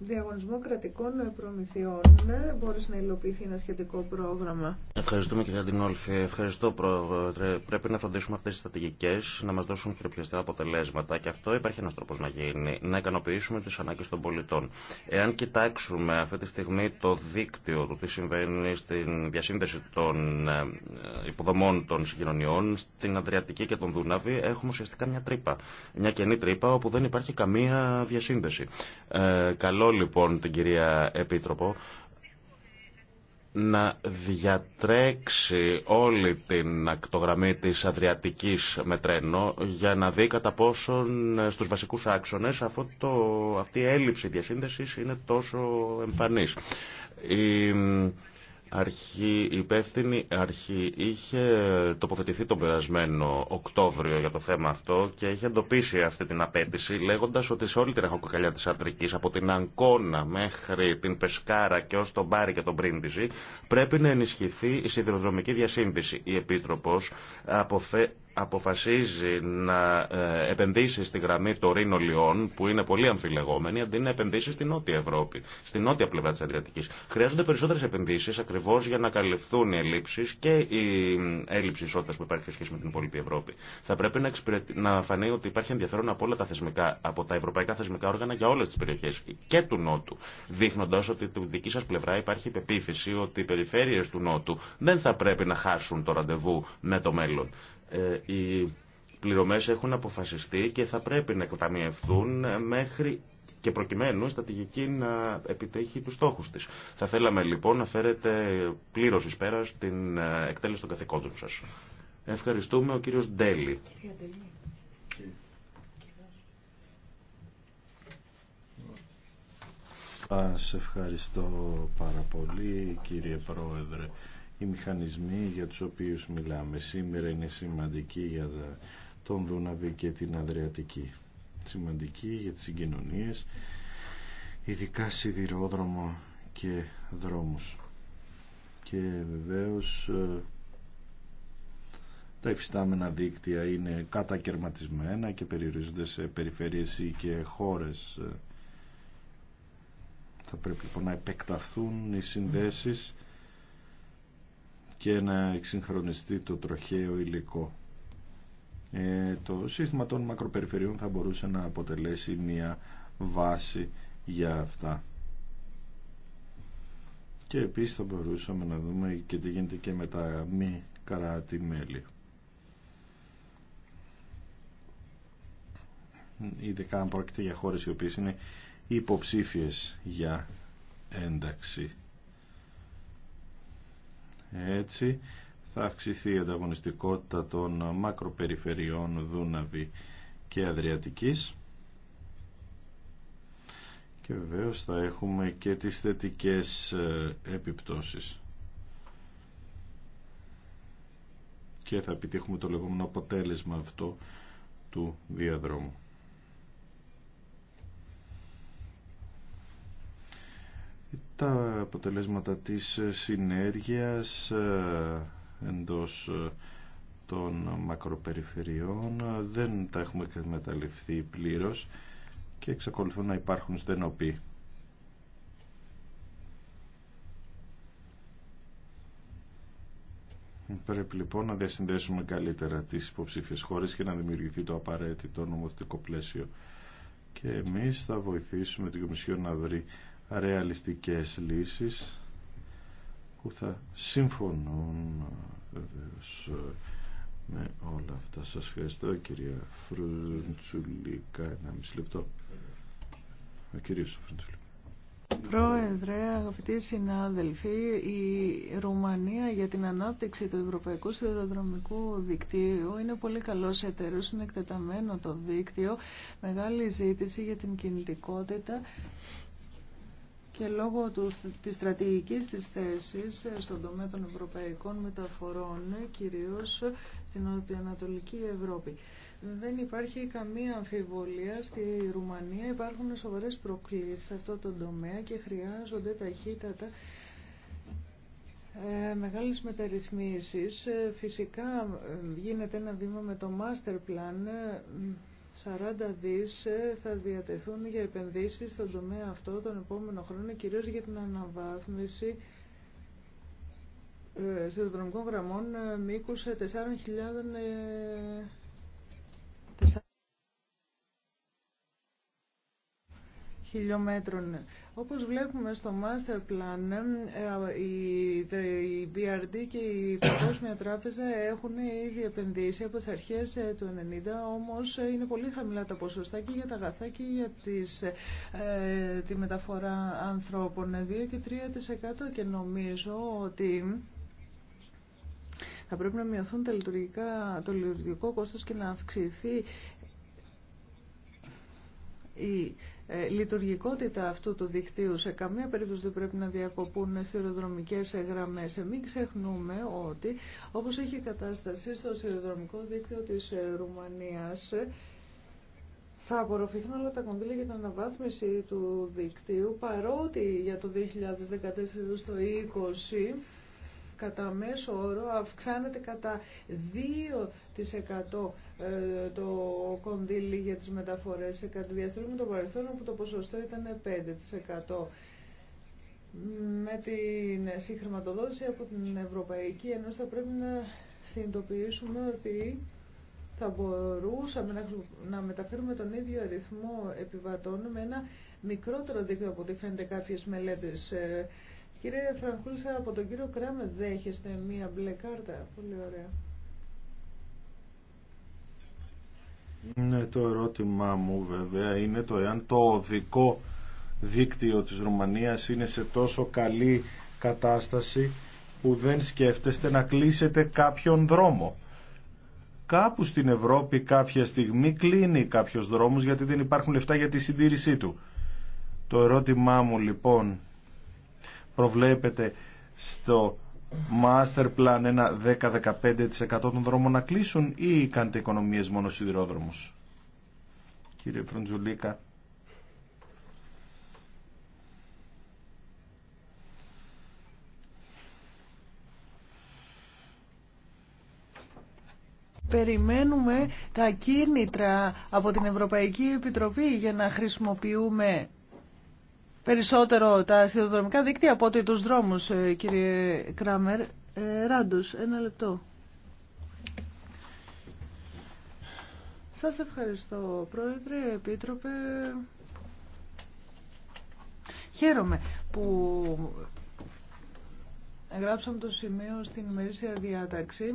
διαγωνισμό κρατικών προμηθειών ναι, μπορείς να υλοποιηθεί ένα σχετικό πρόγραμμα. Ευχαριστούμε κυρία Ντινόλφη. Ευχαριστώ πρόεδρε. Πρέπει να φροντίσουμε αυτές τις στρατηγικές να μας δώσουν χειροπιαστά αποτελέσματα και αυτό υπάρχει ένας τρόπος να γίνει, να ικανοποιήσουμε τις ανάγκες των πολιτών. Εάν κοιτάξουμε αυτή τη στιγμή το δίκτυο του τι συμβαίνει στην διασύνδεση των ε, υποδομών των συγκοινωνιών, στην Αδριατική και τον Δούναβη, έχουμε ουσιαστικά μια τρύπα. Μια κενή τρύπα όπου δεν υπάρχει καμία διασύνδεση. Ε, καλό λοιπόν την κυρία Επίτροπο να διατρέξει όλη την ακτογραμμή της Αδριατικής με τρένο για να δει κατά πόσον ε, στους βασικούς άξονες αυτό το, αυτή η έλλειψη διασύνδεσης είναι τόσο εμφανής αρχή, η υπεύθυνη αρχή είχε τοποθετηθεί τον περασμένο Οκτώβριο για το θέμα αυτό και είχε εντοπίσει αυτή την απέτηση λέγοντας ότι σε όλη την αχοκοκαλιά της Αντρικής από την Αγκώνα μέχρι την Πεσκάρα και ως τον Μπάρι και τον Πρίντιζη πρέπει να ενισχυθεί η σιδηροδρομική διασύνδεση. Η Επίτροπος αποφε αποφασίζει να ε, επενδύσει στη γραμμή Τωρίνο Λιών, που είναι πολύ αμφιλεγόμενη, αντί να επενδύσει στην Νότια Ευρώπη, στην νότια πλευρά τη Αδριατική. Χρειάζονται περισσότερε επενδύσει ακριβώ για να καλυφθούν οι ελλείψει και η έλλειψη ισότητα που υπάρχει σε σχέση με την υπόλοιπη Ευρώπη. Θα πρέπει να, να φανεί ότι υπάρχει ενδιαφέρον από όλα τα θεσμικά, από τα ευρωπαϊκά θεσμικά όργανα για όλε τι περιοχέ και του Νότου. Δείχνοντα ότι τη δική σα πλευρά υπάρχει υπεποίθηση ότι οι περιφέρειε του Νότου δεν θα πρέπει να χάσουν το ραντεβού με το μέλλον. Ε, οι πληρωμές έχουν αποφασιστεί και θα πρέπει να εκταμιευθούν μέχρι και προκειμένου η στρατηγική να επιτέχει τους στόχους της. Θα θέλαμε λοιπόν να φέρετε πλήρως εις πέρα στην ε, εκτέλεση των καθηκόντων σας. Ευχαριστούμε ο κύριος Ντέλη. Σας ευχαριστώ πάρα πολύ κύριε Πρόεδρε οι μηχανισμοί για τους οποίους μιλάμε σήμερα είναι σημαντικοί για τον Δούναβη και την Αδριατική. Σημαντικοί για τις συγκοινωνίες, ειδικά σιδηρόδρομο και δρόμους. Και βεβαίως ε, τα υφιστάμενα δίκτυα είναι κατακαιρματισμένα και περιορίζονται σε περιφέρειες ή και χώρες. Ε, θα πρέπει λοιπόν να επεκταθούν οι συνδέσεις και να εξυγχρονιστεί το τροχαίο υλικό. Ε, το σύστημα των μακροπεριφερειών θα μπορούσε να αποτελέσει μια βάση για αυτά. Και επίσης θα μπορούσαμε να δούμε και τι γίνεται και με τα μη καράτη μέλη. Ειδικά αν πρόκειται για χώρες οι οποίες είναι υποψήφιες για ένταξη. Έτσι θα αυξηθεί η ανταγωνιστικότητα των μακροπεριφερειών Δούναβη και Αδριατικής και βεβαίως θα έχουμε και τις θετικές ε, επιπτώσεις και θα επιτύχουμε το λεγόμενο αποτέλεσμα αυτό του διαδρόμου. τα αποτελέσματα της συνέργειας ε, εντός ε, των μακροπεριφερειών ε, δεν τα έχουμε καταληφθεί πλήρως και εξακολουθούν να υπάρχουν στενοποί. Πρέπει λοιπόν να διασυνδέσουμε καλύτερα τις υποψήφιες χώρες και να δημιουργηθεί το απαραίτητο νομοθετικό πλαίσιο. Και εμείς θα βοηθήσουμε την Κομισιόν να βρει ρεαλιστικές λύσεις που θα συμφωνούν με όλα αυτά. Σας ευχαριστώ κυρία Φρουντσουλίκα. Ένα μισή λεπτό. Ο κύριος Φρουντσουλίκα. Πρόεδρε, αγαπητοί συνάδελφοι, η Ρουμανία για την ανάπτυξη του Ευρωπαϊκού Σιδηροδρομικού Δικτύου είναι πολύ καλός εταίρος, είναι εκτεταμένο το δίκτυο, μεγάλη ζήτηση για την κινητικότητα και λόγω του, της στρατηγικής της θέσης ε, στον τομέα των ευρωπαϊκών μεταφορών, ε, κυρίως στην Ανατολική Ευρώπη. Δεν υπάρχει καμία αμφιβολία στη Ρουμανία, υπάρχουν σοβαρές προκλήσεις σε αυτό το τομέα και χρειάζονται ταχύτατα ε, μεγάλες μεταρρυθμίσεις. Ε, φυσικά γίνεται ένα βήμα με το master plan 40 δις ε, θα διατεθούν για επενδύσεις στον τομέα αυτό τον επόμενο χρόνο, κυρίως για την αναβάθμιση ε, σιδηροδρομικών γραμμών ε, μήκους 4.000 χιλιόμετρων. Όπως βλέπουμε στο Master Plan, η ε, BRD και η Παγκόσμια Τράπεζα έχουν ήδη επενδύσει από τις αρχές ε, του 90, όμως ε, είναι πολύ χαμηλά τα ποσοστά και για τα αγαθά και για τη μεταφορά ανθρώπων. 2 και 3% και νομίζω ότι θα πρέπει να μειωθούν τα το λειτουργικό κόστος και να αυξηθεί η ε, λειτουργικότητα αυτού του δικτύου σε καμία περίπτωση δεν πρέπει να διακοπούν σιδηροδρομικές γραμμές. Ε, μην ξεχνούμε ότι όπως έχει κατάσταση στο σειροδρομικό δίκτυο της ε, Ρουμανίας θα απορροφηθούν όλα τα κονδύλια για την αναβάθμιση του δικτύου παρότι για το 2014 στο 2020 κατά μέσο όρο αυξάνεται κατά 2% ε, το κονδύλι για τις μεταφορές σε κάτι το παρελθόν όπου το ποσοστό ήταν 5% με την συγχρηματοδότηση από την Ευρωπαϊκή Ένωση θα πρέπει να συνειδητοποιήσουμε ότι θα μπορούσαμε να μεταφέρουμε τον ίδιο αριθμό επιβατών με ένα μικρότερο δίκτυο από ό,τι φαίνεται κάποιες μελέτες ε, Κύριε Φραγκούλσα, από τον κύριο Κράμε δέχεστε μία μπλε κάρτα. Πολύ ωραία. Ναι, το ερώτημά μου βέβαια είναι το εάν το οδικό δίκτυο της Ρουμανίας είναι σε τόσο καλή κατάσταση που δεν σκέφτεστε να κλείσετε κάποιον δρόμο. Κάπου στην Ευρώπη κάποια στιγμή κλείνει κάποιος δρόμος γιατί δεν υπάρχουν λεφτά για τη συντήρησή του. Το ερώτημά μου λοιπόν προβλέπετε στο master plan ένα 10-15% των δρόμων να κλείσουν ή κάνετε οικονομίες μόνο σιδηρόδρομους. Κύριε Φροντζουλίκα. Περιμένουμε τα κίνητρα από την Ευρωπαϊκή Επιτροπή για να χρησιμοποιούμε περισσότερο τα σιδηροδρομικά δίκτυα από ότι τους δρόμους, ε, κύριε Κράμερ. Ε, Ράντους, ένα λεπτό. Σας ευχαριστώ, Πρόεδρε, Επίτροπε. Χαίρομαι που γράψαμε το σημείο στην ημερήσια διάταξη.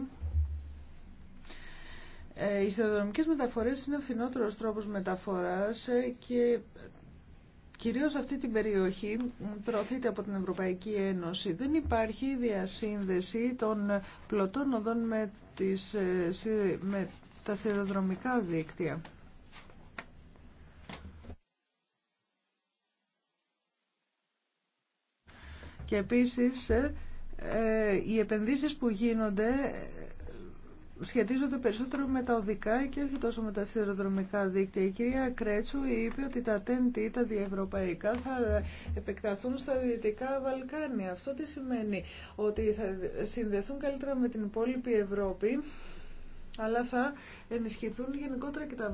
Ε, οι σιδηροδρομικές μεταφορές είναι ο φθηνότερος τρόπος μεταφοράς ε, και Κυρίως αυτή την περιοχή προωθείται από την Ευρωπαϊκή Ένωση. Δεν υπάρχει διασύνδεση των πλωτών οδών με, τις, ε, με τα σιδηροδρομικά δίκτυα. Και επίσης ε, ε, οι επενδύσεις που γίνονται σχετίζονται περισσότερο με τα οδικά και όχι τόσο με τα σιδηροδρομικά δίκτυα. Η κυρία Κρέτσου είπε ότι τα TNT, τα διευρωπαϊκά, θα επεκταθούν στα Δυτικά Βαλκάνια. Αυτό τι σημαίνει, ότι θα συνδεθούν καλύτερα με την υπόλοιπη Ευρώπη, αλλά θα ενισχυθούν γενικότερα και τα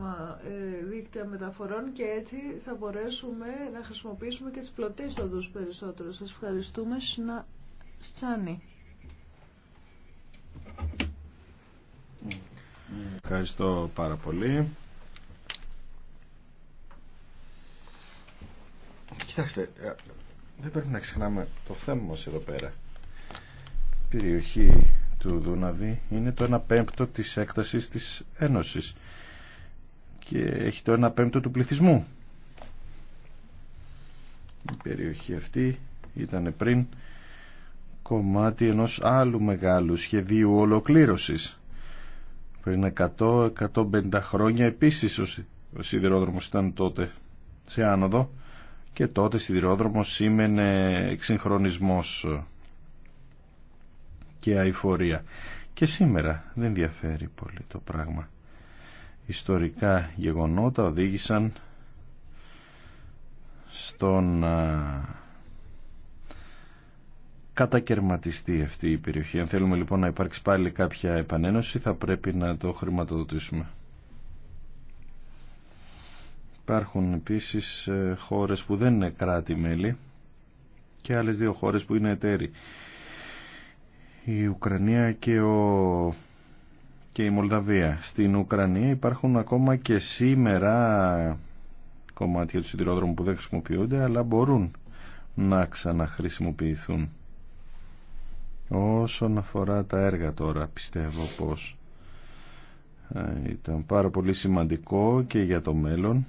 ε, δίκτυα μεταφορών και έτσι θα μπορέσουμε να χρησιμοποιήσουμε και τις πλωτές οδούς περισσότερο. Σας ευχαριστούμε. Σνα... Στσάνι. Ευχαριστώ πάρα πολύ. Κοιτάξτε, ε, δεν πρέπει να ξεχνάμε το θέμα μας εδώ πέρα. Η περιοχή του Δούναβη είναι το 1 πέμπτο της έκτασης της Ένωσης και έχει το 1 πέμπτο του πληθυσμού. Η περιοχή αυτή ήταν πριν κομμάτι ενός άλλου μεγάλου σχεδίου ολοκλήρωσης πριν 100-150 χρόνια επίσης ο σιδηρόδρομος ήταν τότε σε άνοδο και τότε σιδηρόδρομος σήμαινε εξυγχρονισμός και αηφορία. Και σήμερα δεν διαφέρει πολύ το πράγμα. Ιστορικά γεγονότα οδήγησαν στον κατακαιρματιστεί αυτή η περιοχή. Αν θέλουμε λοιπόν να υπάρξει πάλι κάποια επανένωση θα πρέπει να το χρηματοδοτήσουμε. Υπάρχουν επίσης ε, χώρες που δεν είναι κράτη-μέλη και άλλες δύο χώρες που είναι εταίροι. Η Ουκρανία και, ο... και η Μολδαβία. Στην Ουκρανία υπάρχουν ακόμα και σήμερα κομμάτια του σιδηρόδρομου που δεν χρησιμοποιούνται αλλά μπορούν να ξαναχρησιμοποιηθούν. Όσον αφορά τα έργα τώρα, πιστεύω πως ε, ήταν πάρα πολύ σημαντικό και για το μέλλον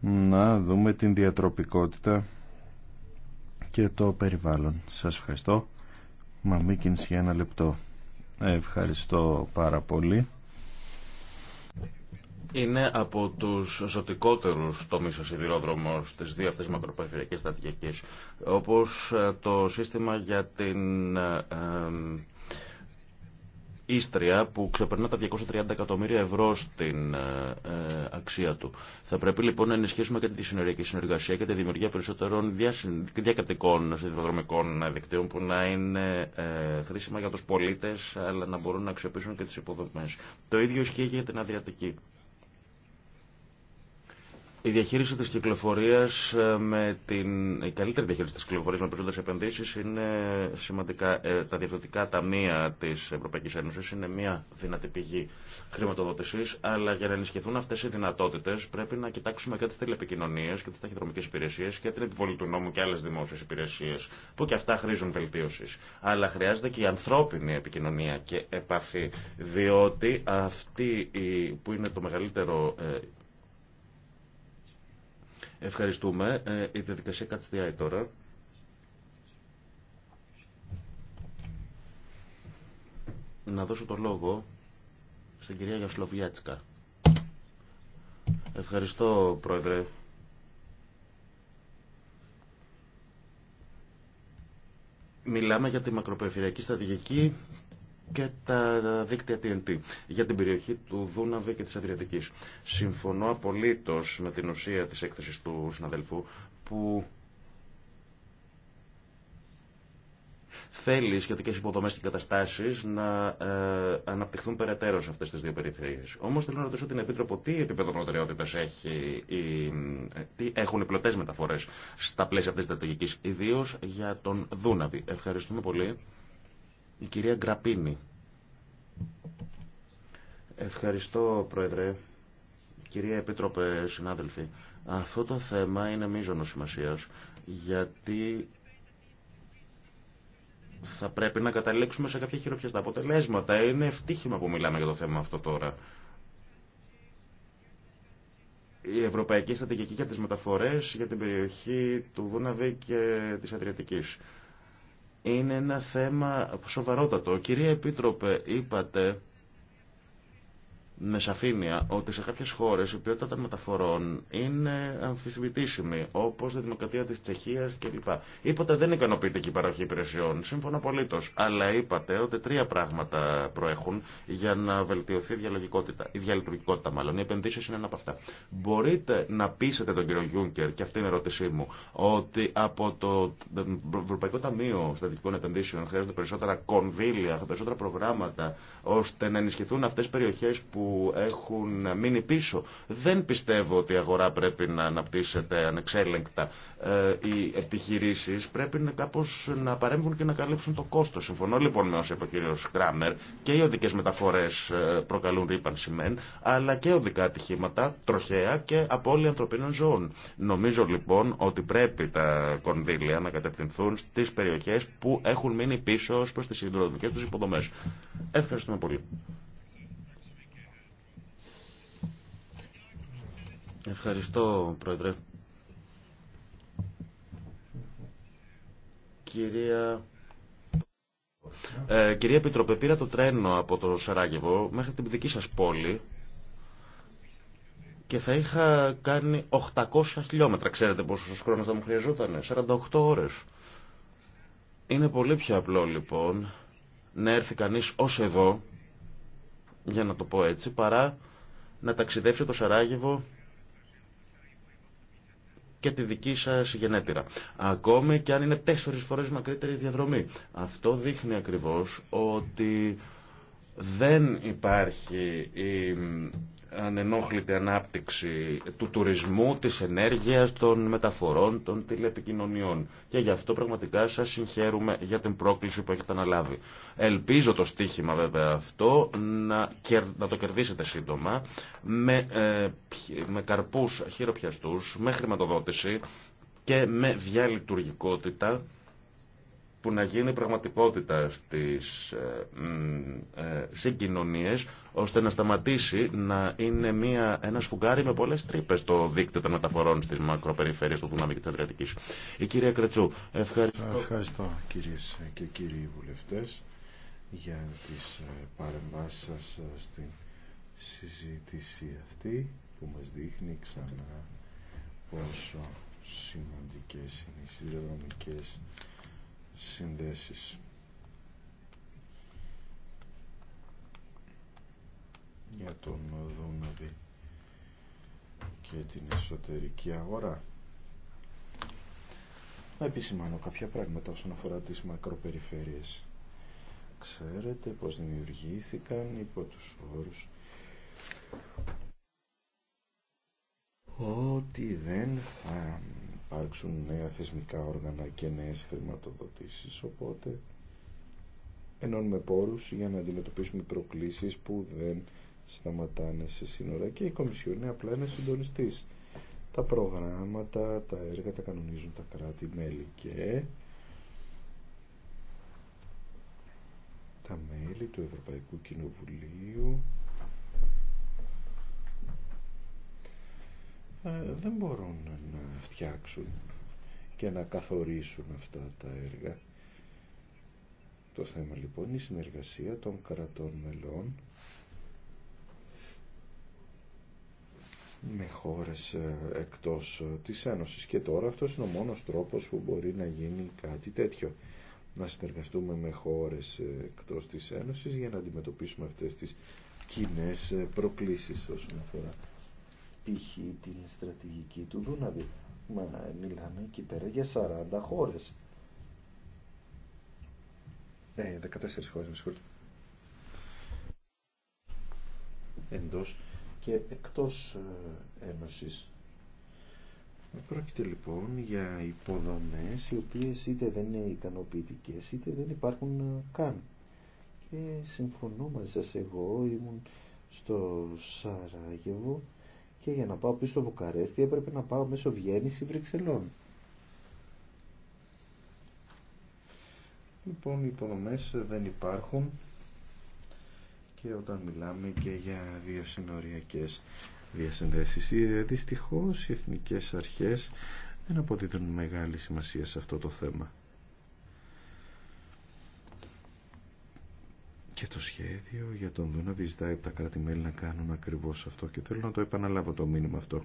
να δούμε την διατροπικότητα και το περιβάλλον. Σας ευχαριστώ. Μαμίκινς για ένα λεπτό. Ευχαριστώ πάρα πολύ. Είναι από του ζωτικότερου τομεί ο σιδηρόδρομο στι δύο αυτέ μακροπεριφερειακέ στρατηγικέ, όπω ε, το σύστημα για την ε, ε, Ίστρια που ξεπερνά τα 230 εκατομμύρια ευρώ στην αξία του. Θα πρέπει λοιπόν να ενισχύσουμε και τη συνοριακή συνεργασία και τη δημιουργία περισσότερων διακρατικών σιδηροδρομικών δικτύων που να είναι χρήσιμα για του πολίτε, αλλά να μπορούν να αξιοποιήσουν και τι υποδομέ. Το ίδιο ισχύει για την Αδριατική. Η διαχείριση της κυκλοφορίας ε, με την... Η καλύτερη διαχείριση της κυκλοφορίας με περισσότερες επενδύσεις είναι σημαντικά. Ε, τα διευθυντικά ταμεία της Ευρωπαϊκής Ένωσης είναι μια δυνατή πηγή χρηματοδότησης, αλλά για να ενισχυθούν αυτές οι δυνατότητες πρέπει να κοιτάξουμε και τις τηλεπικοινωνίες και τις ταχυδρομικές υπηρεσίες και την επιβολή του νόμου και άλλες δημόσιες υπηρεσίες, που και αυτά χρήζουν βελτίωσης. Αλλά χρειάζεται και η ανθρώπινη επικοινωνία και επαφή, διότι αυτή που είναι το μεγαλύτερο ε, Ευχαριστούμε. Ε, η διαδικασία κατστιάει τώρα. Να δώσω το λόγο στην κυρία Γιασλοβιέτσκα. Ευχαριστώ, Πρόεδρε. Μιλάμε για τη μακροπεριφερειακή στρατηγική και τα δίκτυα TNT για την περιοχή του Δούναβη και της Αδριατικής. Συμφωνώ απολύτως με την ουσία της έκθεσης του συναδελφού που θέλει σχετικέ υποδομέ και καταστάσει να ε, αναπτυχθούν περαιτέρω σε αυτέ τι δύο περιφέρειε. Όμω θέλω να ρωτήσω την Επίτροπο τι επίπεδο προτεραιότητα ε, έχουν οι πλωτέ μεταφορέ στα πλαίσια αυτή τη στρατηγική, ιδίω για τον Δούναβη. Ευχαριστούμε πολύ. Η κυρία Γκραπίνη. Ευχαριστώ, Πρόεδρε. Κυρία Επίτροπε, συνάδελφοι. Αυτό το θέμα είναι μείζονος σημασίας, γιατί θα πρέπει να καταλήξουμε σε κάποια χειροπιαστά αποτελέσματα. Είναι ευτύχημα που μιλάμε για το θέμα αυτό τώρα. Η Ευρωπαϊκή Στατικική για τις Μεταφορές για την περιοχή του βούναβη και της Αδριατικής είναι ένα θέμα σοβαρότατο. Κυρία Επίτροπε, είπατε με σαφήνεια ότι σε κάποιες χώρες η ποιότητα των μεταφορών είναι αμφισβητήσιμη, όπως η Δημοκρατία της Τσεχίας κλπ. Είπατε δεν ικανοποιείται και η παροχή υπηρεσιών, σύμφωνα απολύτως, αλλά είπατε ότι τρία πράγματα προέχουν για να βελτιωθεί η διαλογικότητα, η διαλειτουργικότητα μάλλον, οι επενδύσεις είναι ένα από αυτά. Μπορείτε να πείσετε τον κύριο Γιούνκερ, και αυτή είναι η ερώτησή μου, ότι από το Ευρωπαϊκό Ταμείο Στατικών Επενδύσεων χρειάζονται περισσότερα κονδύλια, περισσότερα προγράμματα, ώστε να ενισχυθούν αυτές οι περιοχές που έχουν μείνει πίσω. Δεν πιστεύω ότι η αγορά πρέπει να αναπτύσσεται ανεξέλεγκτα. Ε, οι επιχειρήσει πρέπει να να παρέμβουν και να καλύψουν το κόστος. Συμφωνώ λοιπόν με όσο είπε ο κ. Κράμερ και οι οδικέ μεταφορέ ε, προκαλούν ρήπανση μεν, αλλά και οδικά ατυχήματα, τροχαία και απώλεια ανθρωπίνων ζώων. Νομίζω λοιπόν ότι πρέπει τα κονδύλια να κατευθυνθούν στι περιοχέ που έχουν μείνει πίσω ω προ τι συνδρομικέ του υποδομέ. Ευχαριστούμε πολύ. Ευχαριστώ, Πρόεδρε. Κυρία... Ε, κυρία Επιτροπέ, πήρα το τρένο από το Σαράγεβο μέχρι την δική σας πόλη και θα είχα κάνει 800 χιλιόμετρα. Ξέρετε πόσο χρόνο θα μου χρειαζόταν, 48 ώρες. Είναι πολύ πιο απλό λοιπόν να έρθει κανείς ως εδώ, για να το πω έτσι, παρά να ταξιδέψει το Σαράγεβο και τη δική σας γενέτειρα. Ακόμη και αν είναι τέσσερις φορές μακρύτερη η διαδρομή. Αυτό δείχνει ακριβώς ότι δεν υπάρχει η ανενόχλητη ανάπτυξη του τουρισμού, της ενέργειας, των μεταφορών, των τηλεπικοινωνιών. Και γι' αυτό πραγματικά σας συγχαίρουμε για την πρόκληση που έχετε αναλάβει. Ελπίζω το στίχημα βέβαια αυτό να, να το κερδίσετε σύντομα με, ε, με καρπούς χειροπιαστούς, με χρηματοδότηση και με διαλειτουργικότητα που να γίνει πραγματικότητα στις ε, ε, συγκοινωνίες ώστε να σταματήσει να είναι μια, ένα σφουγγάρι με πολλές τρύπε το δίκτυο των μεταφορών στις μακροπεριφέρειες του Δουνάμι και της Η κυρία Κρετσού, ευχαριστώ. Ευχαριστώ κυρίες και κύριοι βουλευτές για τις ε, παρεμβάσεις σας στην συζήτηση αυτή που μας δείχνει ξανά πόσο σημαντικές είναι οι συνδρομικές συνδέσεις. για τον Δούναβη και την εσωτερική αγορά. Να επισημάνω κάποια πράγματα όσον αφορά τις μακροπεριφέρειες. Ξέρετε πως δημιουργήθηκαν υπό τους όρους ότι δεν θα υπάρξουν νέα θεσμικά όργανα και νέες χρηματοδοτήσεις, οπότε ενώνουμε πόρους για να αντιμετωπίσουμε προκλήσεις που δεν σταματάνε σε σύνορα και η Κομισιόν είναι απλά ένα συντονιστής. Τα προγράμματα, τα έργα τα κανονίζουν τα κράτη-μέλη και τα μέλη του Ευρωπαϊκού Κοινοβουλίου Ε, δεν μπορούν να φτιάξουν και να καθορίσουν αυτά τα έργα. Το θέμα λοιπόν είναι η συνεργασία των κρατών μελών με χώρες ε, εκτός ε, της Ένωσης και τώρα αυτός είναι ο μόνος τρόπος που μπορεί να γίνει κάτι τέτοιο να συνεργαστούμε με χώρες εκτός της Ένωσης για να αντιμετωπίσουμε αυτές τις κοινέ προκλήσεις όσον αφορά π.χ. την στρατηγική του Δούναβη. Μα μιλάμε εκεί πέρα για 40 χώρες. Ε, 14 χώρες, με συγχωρείτε. Εντός και εκτός ε, ένωσης. Πρόκειται λοιπόν για υποδομές οι οποίες είτε δεν είναι ικανοποιητικές είτε δεν υπάρχουν ε, καν. Και συμφωνώ μαζί σας εγώ, ήμουν στο Σαράγεβο και για να πάω πίσω στο Βουκαρέστι έπρεπε να πάω μέσω Βιέννης ή Βρυξελών. Λοιπόν, οι υποδομές δεν υπάρχουν και όταν μιλάμε και για δύο συνοριακές διασυνδέσεις. Ε, δυστυχώς οι εθνικές αρχές δεν αποδίδουν μεγάλη σημασία σε αυτό το θέμα. Και το σχέδιο για τον δούνα ζητάει από τα κράτη-μέλη να κάνουν ακριβώς αυτό και θέλω να το επαναλάβω το μήνυμα αυτό.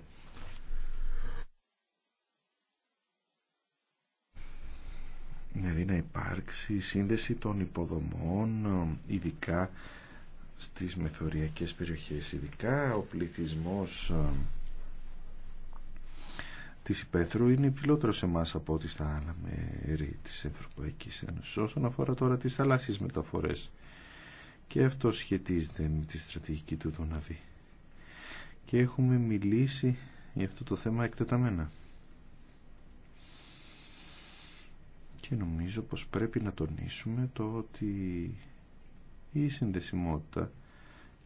Δηλαδή να υπάρξει σύνδεση των υποδομών, ειδικά στις μεθοριακές περιοχές, ειδικά ο πληθυσμός ε, της υπαίθρου είναι υψηλότερο σε εμά από ό,τι στα άλλα μέρη της Ευρωπαϊκής Ένωσης όσον αφορά τώρα τις θαλάσσιες μεταφορές και αυτό σχετίζεται με τη στρατηγική του Δουναβή. Και έχουμε μιλήσει για αυτό το θέμα εκτεταμένα. Και νομίζω πως πρέπει να τονίσουμε το ότι η συνδεσιμότητα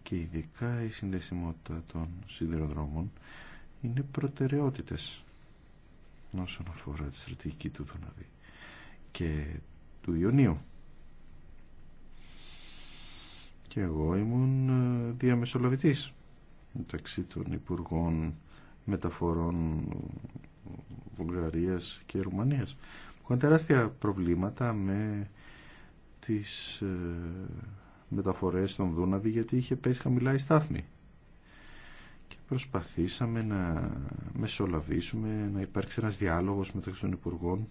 και ειδικά η συνδεσιμότητα των σιδηροδρόμων είναι προτεραιότητες όσον αφορά τη στρατηγική του Δουναβή και του Ιωνίου και εγώ ήμουν ε, διαμεσολαβητής μεταξύ των Υπουργών Μεταφορών Βουλγαρίας και Ρουμανίας. είχαν τεράστια προβλήματα με τις ε, μεταφορές των Δούναβη γιατί είχε πέσει χαμηλά η στάθμη. Και προσπαθήσαμε να μεσολαβήσουμε, να υπάρξει ένας διάλογος μεταξύ των Υπουργών.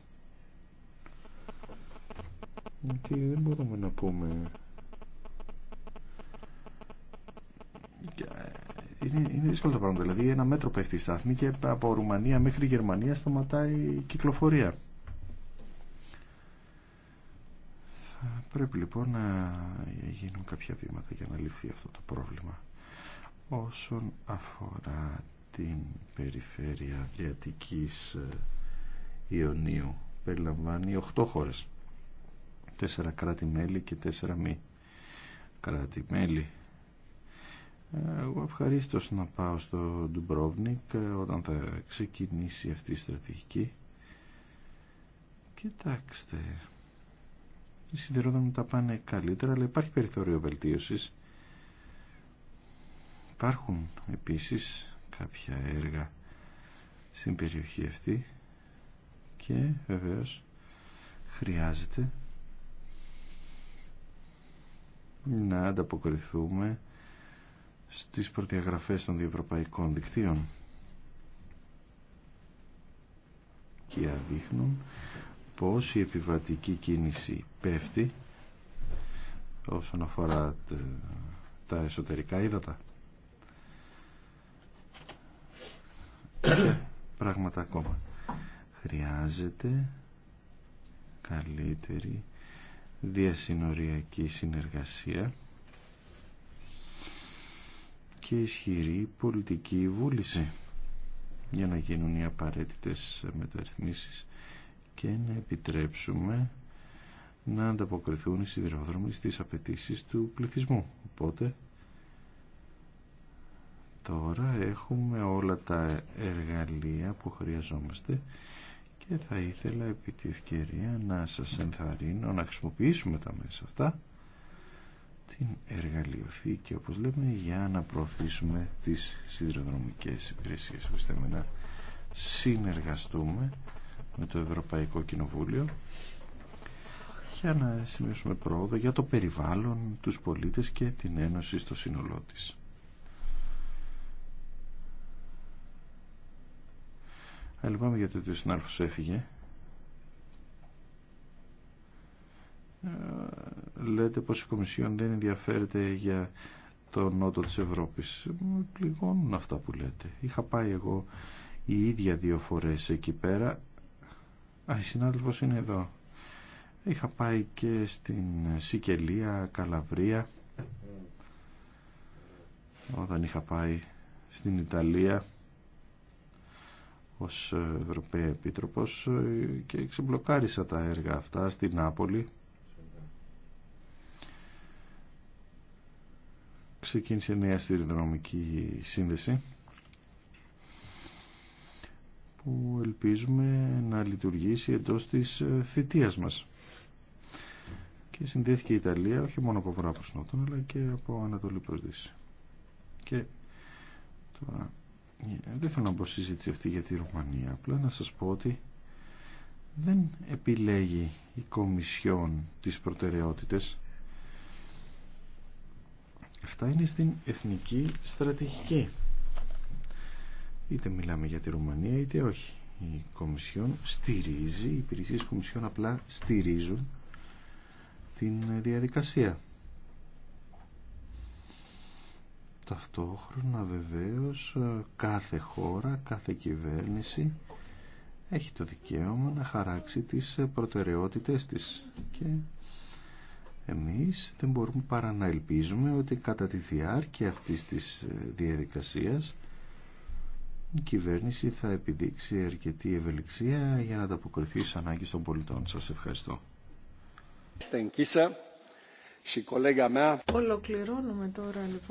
Γιατί δεν μπορούμε να πούμε Ε, είναι, είναι το πράγμα Δηλαδή ένα μέτρο πέφτει η στάθμη και από Ρουμανία μέχρι Γερμανία σταματάει η κυκλοφορία. Θα πρέπει λοιπόν να γίνουν κάποια βήματα για να λυθεί αυτό το πρόβλημα. Όσον αφορά την περιφέρεια Αδριατικής ε, Ιωνίου περιλαμβάνει 8 χώρες. τέσσερα κράτη-μέλη και 4 μη κράτη-μέλη εγώ ευχαρίστω να πάω στο Ντουμπρόβνικ ε, όταν θα ξεκινήσει αυτή η στρατηγική. Κοιτάξτε, οι σιδηρόδρομοι τα πάνε καλύτερα, αλλά υπάρχει περιθώριο βελτίωση, Υπάρχουν επίσης κάποια έργα στην περιοχή αυτή και βεβαίως χρειάζεται να ανταποκριθούμε στις προδιαγραφές των διευρωπαϊκών δικτύων. Και αδείχνουν πως η επιβατική κίνηση πέφτει όσον αφορά τα εσωτερικά ύδατα. πράγματα ακόμα. Χρειάζεται καλύτερη διασυνοριακή συνεργασία και ισχυρή πολιτική βούληση για να γίνουν οι απαραίτητες μεταρρυθμίσεις και να επιτρέψουμε να ανταποκριθούν οι σιδηροδρόμοι στις απαιτήσει του πληθυσμού. Οπότε τώρα έχουμε όλα τα εργαλεία που χρειαζόμαστε και θα ήθελα επί τη ευκαιρία να σας ενθαρρύνω να χρησιμοποιήσουμε τα μέσα αυτά την εργαλειοθήκη όπως λέμε για να προωθήσουμε τις σιδηροδρομικές υπηρεσίες πιστεύουμε να συνεργαστούμε με το Ευρωπαϊκό Κοινοβούλιο για να σημειώσουμε πρόοδο για το περιβάλλον, τους πολίτες και την Ένωση στο σύνολό της. για λυπάμαι γιατί ο έφυγε. Ε, λέτε πως η Κομισιόν δεν ενδιαφέρεται για το νότο της Ευρώπης. Πληγώνουν αυτά που λέτε. Είχα πάει εγώ η ίδια δύο φορές εκεί πέρα. Α, η συνάδελφος είναι εδώ. Είχα πάει και στην Σικελία, Καλαβρία. Όταν είχα πάει στην Ιταλία ως Ευρωπαίος Επίτροπος ε, και ξεμπλοκάρισα τα έργα αυτά στην Νάπολη ξεκίνησε μια σιδηροδρομική σύνδεση που ελπίζουμε να λειτουργήσει εντός της ε, θητείας μας. Και συνδέθηκε η Ιταλία όχι μόνο από βορρά αλλά και από ανατολή προς Και τώρα ε, δεν θέλω να μπω συζήτηση αυτή για τη Ρουμανία απλά να σας πω ότι δεν επιλέγει η Κομισιόν τις προτεραιότητες Αυτά είναι στην εθνική στρατηγική. Είτε μιλάμε για τη Ρουμανία είτε όχι. Η Κομισιόν στηρίζει, οι υπηρεσίες Κομισιόν απλά στηρίζουν την διαδικασία. Ταυτόχρονα βεβαίως κάθε χώρα, κάθε κυβέρνηση έχει το δικαίωμα να χαράξει τις προτεραιότητες της και εμείς δεν μπορούμε παρά να ελπίζουμε ότι κατά τη διάρκεια αυτής της ε, διαδικασίας η κυβέρνηση θα επιδείξει αρκετή ευελιξία για να ανταποκριθεί στις ανάγκες των πολιτών. Σας ευχαριστώ. Ολοκληρώνουμε τώρα λοιπόν.